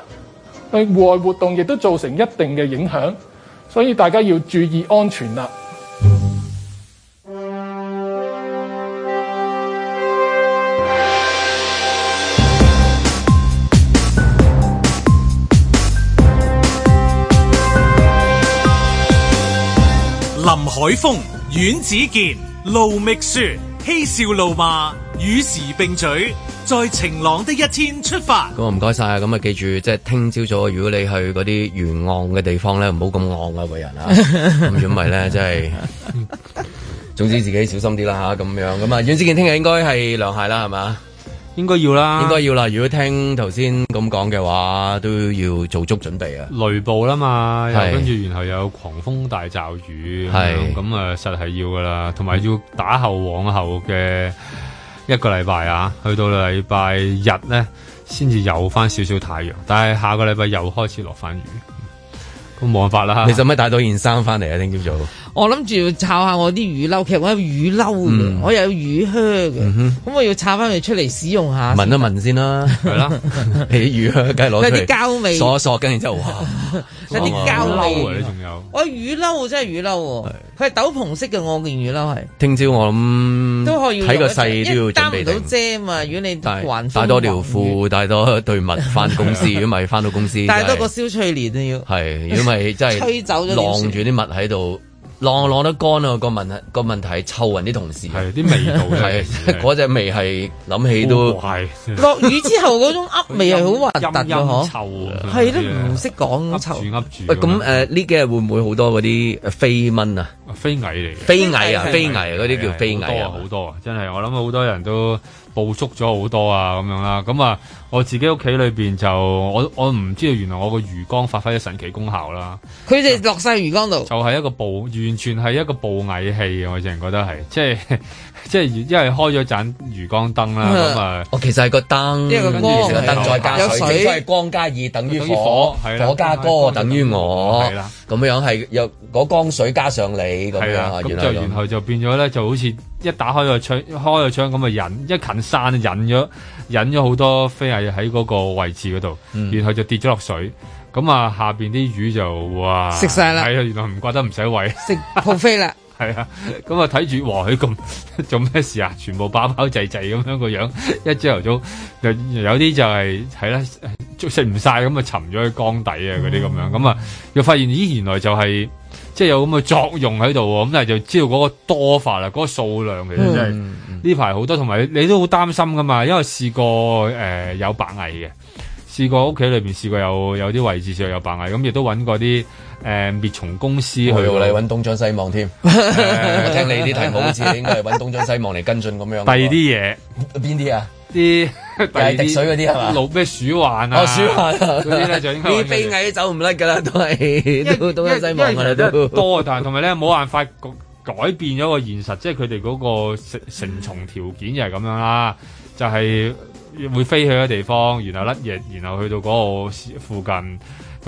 對戶外活動亦都造成一定嘅影響，所以大家要注意安全啦。林海峰、阮子健、盧覓雪嬉笑怒罵與時並舉，在晴朗的一天出發。咁啊唔該晒，咁啊記住，即係聽朝早，如果你去嗰啲沿岸嘅地方咧，唔好咁岸啊個人啊，咁如果唔係咧，即係，總之自己小心啲啦吓，咁樣，咁啊阮子健聽日應該係涼鞋啦，係嘛？應該要啦，應該要啦。如果聽頭先咁講嘅話，都要做足準備啊。雷暴啦嘛，是跟住然後又有狂風大驟雨，咁咁是、嗯、啊，實係要噶啦。同埋要打後往後嘅一個禮拜啊，去到禮拜日咧，先至有翻少少太陽。但係下個禮拜又開始落翻雨。冇辦法啦！你做咩帶多件衫翻嚟啊？聽朝早，我諗住要抄下我啲雨褸，其實我有雨褸我又有雨靴嘅，咁我要抄翻佢出嚟使用下，聞一聞先啦，係啦，你啲雨靴梗係攞佢，有啲膠味，嗦一嗦跟住之後有啲膠味。仲有，我雨褸真係雨褸，佢係斗篷式嘅，我件雨褸係。聽朝我諗，都可以。睇個細啲要，擔唔到遮啊嘛？如果你還，帶多條褲，帶多對襪翻公司，如果咪翻到公司，帶多個消脆鏈都要，係。咪真係晾住啲物喺度晾，晾得乾咯。個問個問題臭，暈啲同事，係啲味道係嗰隻味，係諗起都落雨之後嗰種噏味，係好核突㗎嗬，臭，係都唔識講臭，噏住噏住。喂，咁，誒呢幾日會唔會好多嗰啲飛蚊啊？飛蟻嚟，飛蟻啊，飛蟻嗰啲叫飛蟻啊，好多啊，真係我諗好多人都捕捉咗好多啊，咁樣啦，咁啊我自己屋企裏邊就我我唔知道，原來我個魚缸發揮咗神奇功效啦！佢哋落晒魚缸度，就係一個捕，完全係一個捕蟻器，我淨係覺得係，即係即係，因為開咗盞魚缸燈啦，咁啊，我其實係個燈，因為個燈再加水係光加熱等於火，火加哥等於我，咁樣係有嗰缸水加上你咁樣，咁然後就變咗咧，就好似一打開個窗，開個窗咁啊引，一近山就引咗。引咗好多飛蟻喺喺嗰個位置嗰度，嗯、然後就跌咗落水。咁啊，下邊啲魚就哇食晒啦！係 (laughs) 啊，原來唔怪得唔使餵，食破飛啦。係啊，咁啊睇住嘩，佢咁做咩事啊？全部飽飽滯滯咁樣個、就是啊、樣。一朝頭早有啲就係係啦，食唔晒咁啊沉咗去缸底啊嗰啲咁樣。咁啊又發現咦原來就係即係有咁嘅作用喺度喎。咁但係就知道嗰個多法啦，嗰、那個數量其實真、就、係、是。嗯嗯呢排好多，同埋你都好擔心噶嘛，因為試過誒有白蟻嘅，試過屋企裏邊試過有有啲位置試過有白蟻，咁亦都揾過啲誒滅蟲公司去嚟揾東張西望添。我聽你啲題目，好似你應該係揾東張西望嚟跟進咁樣。第二啲嘢邊啲啊？啲第水嗰啲係嘛？老咩鼠患啊？鼠患嗰啲咧就應該啲飛蟻都走唔甩㗎啦，都係因為東張西望㗎啦，都多但同埋咧冇辦法。改變咗個現實，即係佢哋嗰個成成蟲條件又係咁樣啦，就係、是、會飛去一個地方，然後甩翼，然後去到嗰個附近，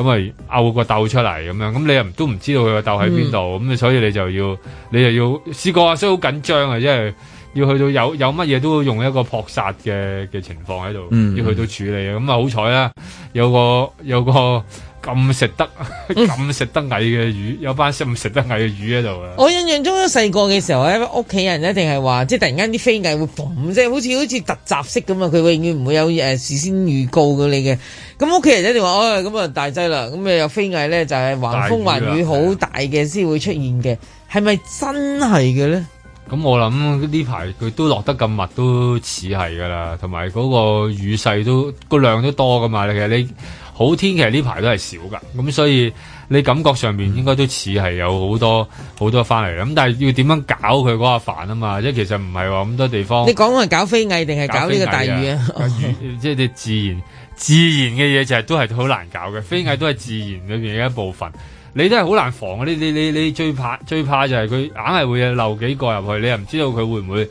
咁啊勾個竇出嚟咁樣，咁你又都唔知道佢個竇喺邊度，咁、嗯嗯、所以你就要你又要試過啊，所以好緊張啊，因為要去到有有乜嘢都用一個撲殺嘅嘅情況喺度，嗯嗯要去到處理啊，咁啊好彩啦，有個有個。咁食得咁食得蟻嘅魚、嗯，有班食唔食得蟻嘅魚喺度啊！我印象中都細個嘅時候咧，屋企人一定係話，即係突然間啲飛蟻會，即係好似好似突襲式咁啊！佢永遠唔會有誒事先預告嘅你嘅。咁屋企人一定話，哦咁啊大劑啦，咁啊有飛蟻咧就係、是、橫風橫雨好大嘅先會出現嘅，係咪的真係嘅咧？咁我諗呢排佢都落得咁密，都似係噶啦，同埋嗰個雨勢都個量都多噶嘛，其實你。 (laughs) 好天其實呢排都係少㗎，咁所以你感覺上面應該都似係有好多好多翻嚟啦。咁但係要點樣搞佢嗰個煩啊嘛？即係其實唔係話咁多地方。你講係搞飛蟻定係搞呢個大雨啊？即你、啊啊啊、自然自然嘅嘢就係都係好難搞嘅，嗯、飛蟻都係自然裏邊嘅一部分。你都係好難防嘅。你你你，你最怕最怕就係佢硬係會漏幾個入去，你又唔知道佢會唔會。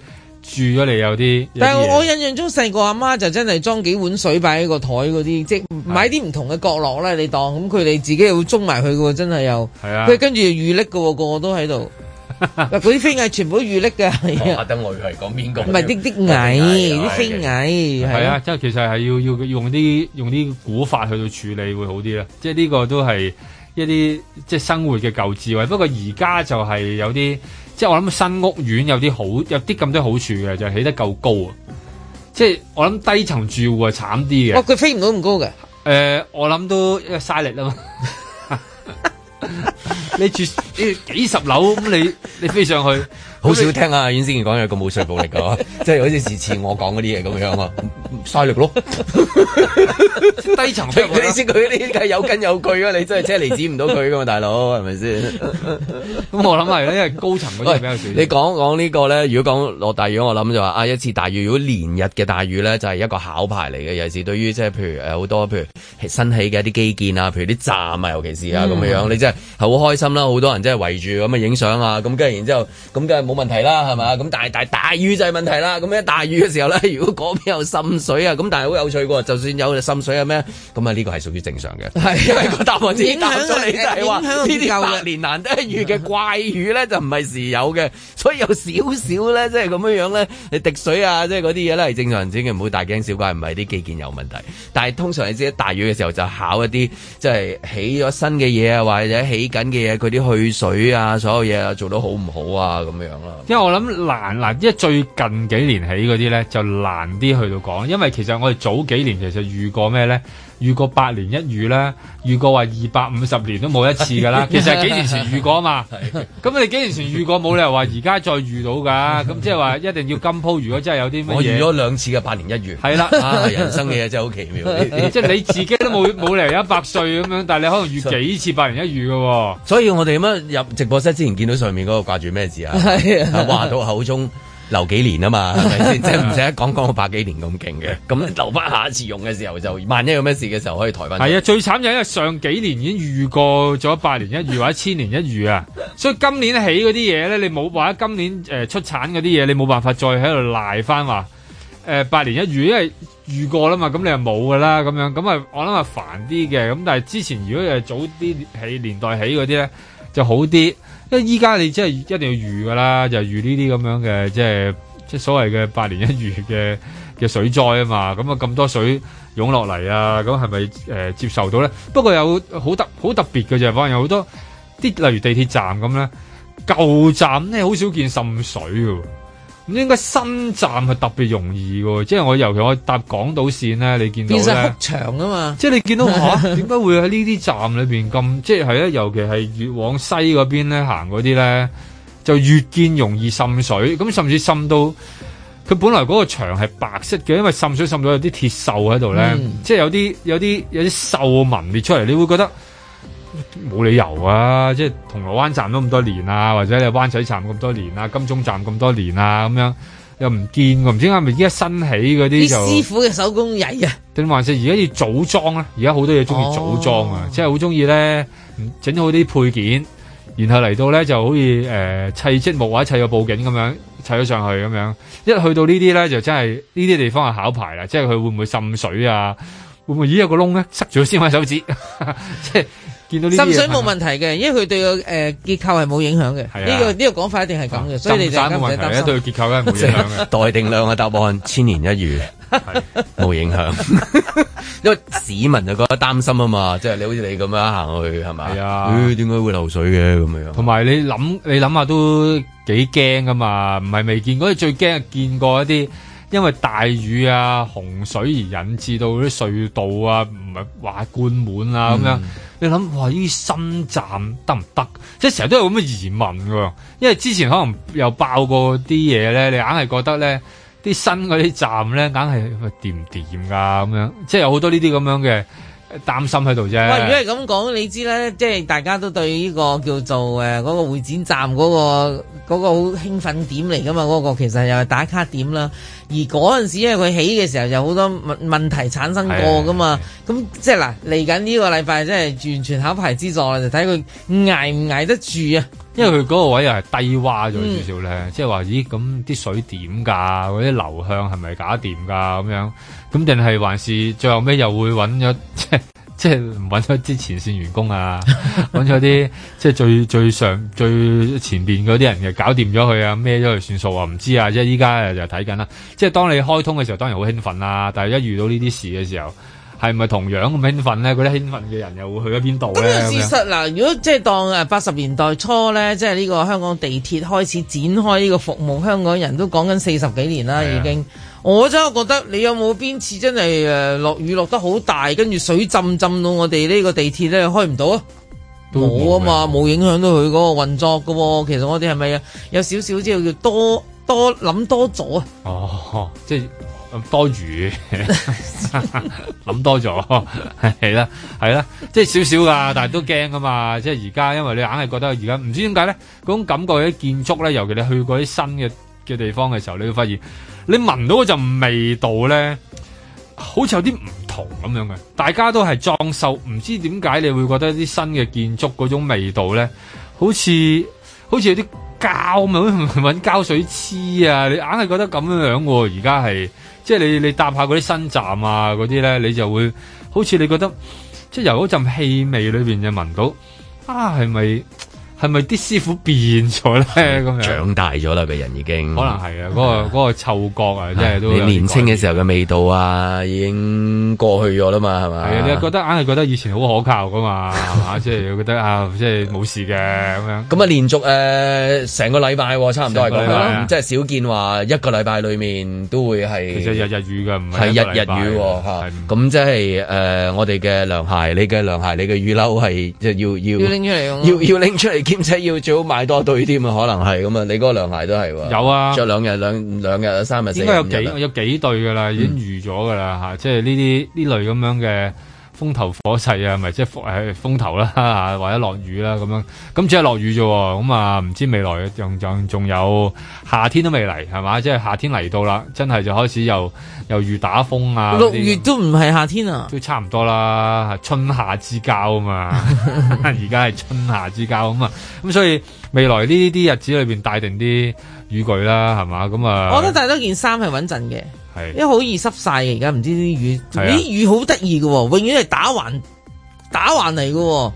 住咗嚟有啲，但係我印象中細個阿媽就真係裝幾碗水擺喺個台嗰啲，即係買啲唔同嘅角落咧，你當咁佢哋自己又會捉埋佢嘅，真係又係啊，佢跟住遇溺嘅個個都喺度，嗰啲飛蟻全部都遇溺嘅。阿德我係講邊個？唔係啲啲蟻，啲飛蟻係啊，即係其實係要要用啲用啲古法去到處理會好啲咧。即係呢個都係一啲即係生活嘅舊智慧。不過而家就係有啲。即係我諗新屋苑有啲好，有啲咁多好處嘅就係，起得夠高啊！即係我諗低層住戶係慘啲嘅。哦，佢飛唔到咁高嘅。誒、呃，我諗都因為嘥力啦嘛 (laughs) (laughs) (laughs) 你。你住呢幾十樓咁， (laughs) 你你飛上去？好少聽啊！尹思健講有個冇說服力嘅，即係好似似似我講嗰啲嘢咁樣啊！嘥力咯，低層你知佢呢啲係有根有據啊！你真係車釐子唔到佢嘅嘛，大佬係咪先？咁我諗係因為高層嗰啲比較少。你講講呢個咧，如果講落大雨，我諗就話啊，一次大雨，如果連日嘅大雨咧，就係一個考牌嚟嘅，尤其是對於即係譬如誒好多譬如新起嘅一啲基建啊，譬如啲站啊，尤其是啊咁嘅樣，你真係好開心啦！好多人真係圍住咁啊影相啊，咁跟住然之後咁梗係冇問題啦，係嘛咁？大大大雨就係問題啦。咁咧，大雨嘅時候咧，如果嗰邊有滲水啊，咁但係好有趣噶。就算有滲水啊咩，咁啊呢個係屬於正常嘅。係 (laughs) 因為個答案答咗你、就係，就係話呢啲百年難得一遇嘅怪雨咧，就唔係時有嘅。所以有少少咧，即係咁樣樣咧，你滴水啊，即係嗰啲嘢咧，係正常人自己唔好大驚小怪。唔係啲基建有問題，但係通常你知，大雨嘅時候，就考一啲即係起咗新嘅嘢啊，或者起緊嘅嘢，佢啲去水啊，所有嘢啊，做得好唔好啊，咁樣。因為我諗難難，因為最近幾年起嗰啲呢，就難啲去到講，因為其實我哋早幾年其實遇過咩呢？遇過百年一遇咧，遇過話二百五十年都冇一次㗎啦。其實幾年前遇過啊嘛，咁 (laughs) 你幾年前遇過，冇理由話而家再遇到㗎，咁即係話一定要金鋪。如果真係有啲咩，我遇咗兩次嘅百年一遇。係啦的， (laughs) 人生嘅嘢真係好奇妙。即係 (laughs) (laughs) 你自己都冇冇理由一百歲咁樣，但係你可能遇幾次百年一遇嘅。所以我哋咁樣入直播室之前見到上面嗰個掛住咩字啊？話到、 (laughs) 啊、口中。留幾年啊嘛，係咪先？ (laughs) 即係唔使講講個百幾年咁勁嘅，咁留翻下一次用嘅時候就萬一有咩事嘅時候可以抬翻。係啊，最慘就係因為上幾年已經遇過咗百年一遇或者千年一遇啊， (laughs) 所以今年起嗰啲嘢咧，你冇或者今年誒、呃、出產嗰啲嘢，你冇辦法再喺度賴翻話誒百年一遇，因為遇過啦嘛，咁你又冇噶啦咁樣，咁啊我諗係煩啲嘅，咁但係之前如果係早啲起年，年代起嗰啲咧就好啲。因為依家你即係一定要預噶啦，就係預呢啲咁樣嘅，即係即係所謂嘅百年一遇嘅嘅水災啊嘛。咁啊咁多水湧落嚟啊，咁係咪誒接受到咧？不過有好特好特別嘅就係，反而有好多啲例如地鐵站咁咧，舊站咧好少見滲水嘅。咁應該新站係特別容易喎，即係我尤其我搭港島線咧，你見到咧變曬黑牆啊嘛！即係你見到嚇，點、啊、解 (laughs) 會喺呢啲站裏邊咁？即係係咧，尤其係越往西嗰邊咧行嗰啲咧，就越見容易滲水。咁甚至滲到佢本來嗰個牆係白色嘅，因為滲水滲到有啲鐵鏽喺度咧，嗯、即係有啲有啲有啲鏽紋裂出嚟，你會覺得。冇理由啊！即係銅鑼灣站都咁多年啊，或者你灣仔站咁多年啊，金鐘站咁多年啊，咁樣又唔見喎，唔知係咪依家新起嗰啲就師傅嘅手工藝啊，定還是而家要組裝啊？而家、哦、好多嘢中意組裝啊，即係好中意咧整好啲配件，然後嚟到咧就好似誒、呃、砌積木或者砌個布景咁樣砌咗上去咁樣，一去到呢啲咧就真係呢啲地方係考牌啦，即係佢會唔會滲水啊？會唔會咦有個窿咧塞咗先買手指？ (laughs) 即係。滲水冇問題嘅，因為佢對個誒結構係冇影響嘅。呢個呢個講法一定係咁嘅，所以你就唔使擔心。滲水冇問題，對結構梗係冇影響嘅。待定量嘅答案，千年一遇，冇影響。因為市民就覺得擔心啊嘛，即係你好似你咁樣行去係咪？點解會漏水嘅咁樣？同埋你諗，你諗下都幾驚噶嘛？唔係未見過，你最驚係見過一啲因為大雨啊、洪水而引致到啲隧道啊，唔係話灌滿啊咁樣。你諗話，呢啲新站得唔得？即係成日都有咁嘅疑問噶，因為之前可能又爆過啲嘢咧，你硬係覺得咧啲新嗰啲站咧，硬係掂唔掂噶咁樣，即係有好多呢啲咁樣嘅擔心喺度啫。喂，如果係咁講，你知咧，即係大家都對呢、呢個叫做誒嗰、嗰個會展站嗰、嗰個、嗰個好興奮點嚟噶嘛？嗰、嗰個其實又係打卡點啦。而嗰陣時，因為佢起嘅時候就好多問問題產生過噶嘛，咁即係嗱嚟緊呢個禮拜，即係完全考牌之助，啦，就睇佢捱唔捱得住啊！嗯、因為佢嗰個位又係低洼咗少少咧，嗯、即係話咦咁啲水點㗎？嗰啲流向係咪搞掂㗎？咁樣咁定係還是最後尾又會揾咗即係。 (laughs) 即係揾咗啲前線員工啊，揾咗啲即係最最上最前邊嗰啲人嘅，搞掂咗佢啊，孭咗佢算數啊，唔知啊，即係依家就睇緊啦。即係當你開通嘅時候，當然好興奮啦，啊，但係一遇到呢啲事嘅時候，係咪同樣咁興奮咧？嗰啲興奮嘅人又會去咗邊度咧？咁啊，事實嗱，如果即係當誒八十年代初咧，即係呢個香港地鐵開始展開呢個服務，香港人都講緊四十幾年啦，已經的。我真係覺得你有冇邊次真係誒落雨落得好大，跟住水浸浸到我哋呢個地鐵咧開唔到啊？冇啊嘛，冇的影響到佢嗰個運作噶，哦。其實我哋係咪有少少即係叫多多諗多咗啊？哦，即係。多餘，諗多咗，係啦，係啦，即係少少噶，但係都驚噶嘛。即係而家，因為你硬係覺得而家唔知點解咧，嗰種感覺喺建築咧，尤其你去過啲新嘅嘅地方嘅時候，你會發現你聞到嗰陣味道咧，好似有啲唔同咁樣嘅。大家都係裝修，唔知點解你會覺得啲新嘅建築嗰種味道咧，好似好似有啲膠咁啊，揾膠水黐啊，你硬係覺得咁樣樣喎，而家係。即係你你搭下嗰啲新站啊嗰啲咧，你就會好似你覺得，即係由嗰陣氣味裏邊就聞到啊，係咪？係咪啲師傅變咗咧？咁樣長大咗啦，個人已經可能係啊，嗰個嗰個嗅覺啊，即係都你年輕嘅時候嘅味道啊，已經過去咗啦嘛，係咪？你啊，覺得硬係覺得以前好可靠噶嘛，係嘛？即係覺得啊，即係冇事嘅咁樣。咁啊，連續誒成個禮拜差唔多係咁樣，即係少見話一個禮拜裡面都會係其實日日雨㗎，唔係日日雨喎。咁即係誒，我哋嘅涼鞋，你嘅涼鞋，你嘅雨褸係即係要要要拎出嚟，要要拎出嚟。兼且要最好買多對添啊，可能係咁啊，你嗰個涼鞋都係喎，有啊，着兩日兩兩日三日，四日應該有幾五日有幾對噶啦，嗯、已經預咗噶啦嚇，即係呢啲呢類咁樣嘅。風頭火勢啊，咪即係風誒風頭啦，或者落雨啦咁樣，咁即係落雨啫，咁啊唔知未來仲仲仲有夏天都未嚟，係嘛？即係夏天嚟到啦，真係就開始又又遇打風啊！六月都唔係夏天啊，都差唔多啦，春夏之交啊嘛，而家係春夏之交咁啊，咁所以未來呢啲日子裏邊帶定啲雨具啦，係嘛？咁啊，我都帶多件衫係穩陣嘅。因為好易濕晒嘅而家，唔知啲雨啲雨好得意嘅，永遠係打橫打橫嚟嘅，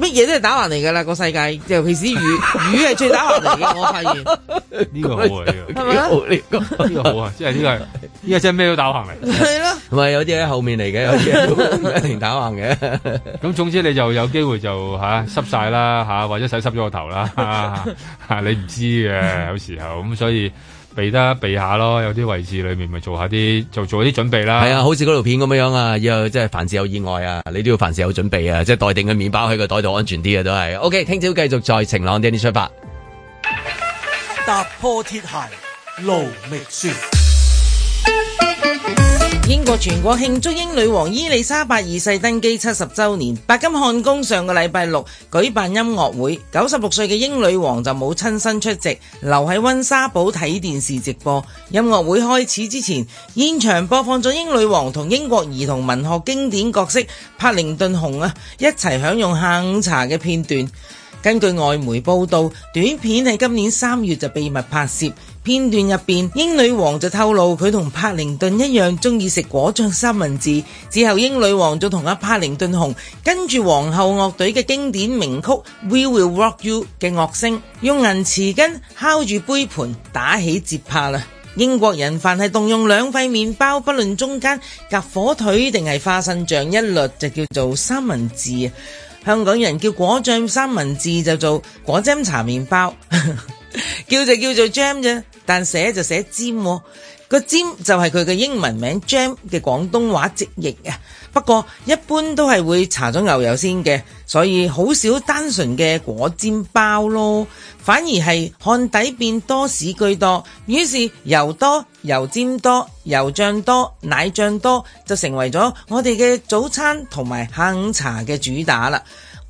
乜嘢都係打橫嚟嘅啦。個世界，尤其是雨，雨係最打橫嚟嘅。我發現呢個好呢個好啊，即係呢個呢個真係咩都打橫嚟。係咯的，唔係的有啲喺後面嚟嘅，有啲都不停打橫嘅。咁 (laughs) 總之你就有機會就吓濕晒啦吓，或者洗濕咗個頭啦吓，你唔知嘅有時候咁，所以。所以所以避得避下咯，有啲位置裏面咪做下啲，就做做啲準備啦。係啊，好似嗰條片咁樣樣啊，以後即係凡事有意外啊，你都要凡事有準備啊，即係袋定個麵包喺個袋度安全啲啊，都係。OK，聽朝繼續在晴朗的一天出發，踏破鐵鞋路未絕。英國全國慶祝英女王伊麗莎白二世登基七十周年，白金漢宮上個禮拜六舉辦音樂會。九十六歲嘅英女王就冇親身出席，留喺温莎堡睇電視直播。音樂會開始之前，現場播放咗英女王同英國兒童文學經典角色柏靈頓熊啊一齊享用下午茶嘅片段。根據外媒報道，短片喺今年三月就秘密拍攝。片段入邊，英女王就透露佢同柏靈頓一樣中意食果醬三文治。之後，英女王就同阿柏靈頓熊跟住皇后樂隊嘅經典名曲《We Will Rock You》嘅樂聲，用銀匙羹敲住杯盤打起節拍啦。英國人凡係動用兩塊麵包，不論中間夾火腿定係花生醬，一律就叫做三文治。香港人叫果醬三文治，就做果醬茶麵包。 (laughs) (laughs) 叫就叫做 jam 啫。哦，但寫就寫尖。個尖就係佢嘅英文名 jam 嘅廣東話直譯啊。不過一般都係會搽咗牛油先嘅，所以好少單純嘅果尖包咯。反而係看底變多士居多，於是油多、油尖多、油醬多、奶醬多，就成為咗我哋嘅早餐同埋下午茶嘅主打啦。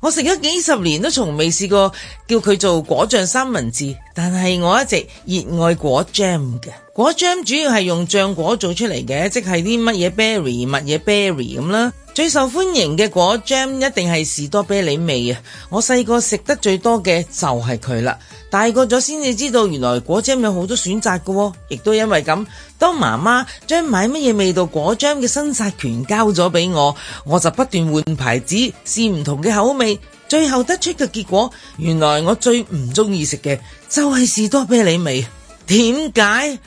我食咗幾十年都從未試過叫佢做果醬三文治，但係我一直熱愛果醬嘅。果醬主要係用漿果做出嚟嘅，即係啲乜嘢 berry、乜嘢 berry 咁啦。最受歡迎嘅果醬一定係士多啤梨味啊！我細個食得最多嘅就係佢啦。大個咗先至知道，原來果醬有好多選擇㗎，亦都因為咁，當媽媽將買乜嘢味道果醬嘅生殺權交咗俾我，我就不斷換牌子，試唔同嘅口味，最後得出嘅結果，原來我最唔中意食嘅就係士多啤梨味，點解？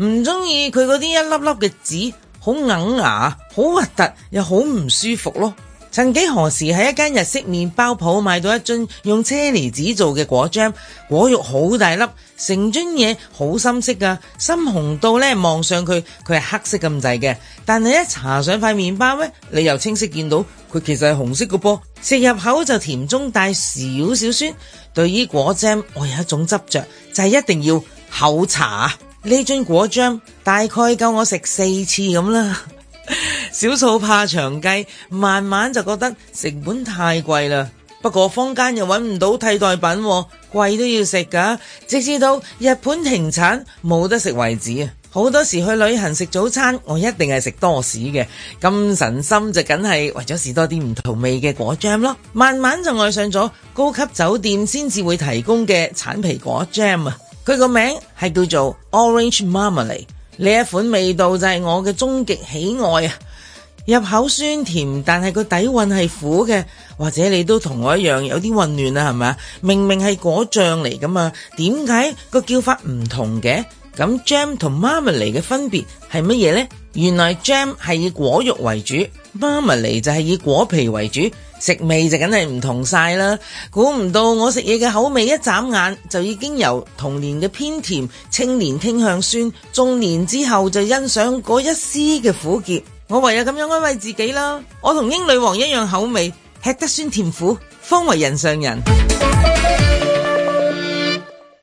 唔中意佢嗰啲一粒粒嘅籽，好硬牙，好核突，又好唔舒服咯。曾幾何時喺一間日式麵包鋪買到一樽用車厘子做嘅果醬，果肉好大粒，成樽嘢好深色啊。深紅到呢，望上佢，佢係黑色咁滯嘅。但係一搽上塊麵包呢，你又清晰見到佢其實係紅色嘅噃。食入口就甜中帶少少酸。對於果醬，我有一種執着，就係、是、一定要口茶。呢樽果醬大概夠我食四次咁啦， (laughs) 小數怕長計，慢慢就覺得成本太貴啦。不過坊間又揾唔到替代品，貴都要食噶。直至到日本停產，冇得食為止啊！好多時去旅行食早餐，我一定係食多士嘅，咁神心就梗係為咗試多啲唔同味嘅果醬咯。慢慢就愛上咗高級酒店先至會提供嘅橙皮果醬啊！佢個名係叫做 Orange Marmalade，呢一款味道就係我嘅終極喜愛啊！入口酸甜，但係個底蘊係苦嘅，或者你都同我一樣有啲混亂啊，係咪？明明係果醬嚟噶嘛，點解個叫法唔同嘅？咁 Jam 同 Marmalade 嘅分別係乜嘢呢？原來 Jam 係以果肉為主。f a m 就係以果皮為主，食味就梗係唔同晒啦。估唔到我食嘢嘅口味一眨眼就已經由童年嘅偏甜，青年傾向酸，中年之後就欣賞嗰一絲嘅苦澀。我唯有咁樣安慰自己啦。我同英女王一樣口味，吃得酸甜苦，方為人上人。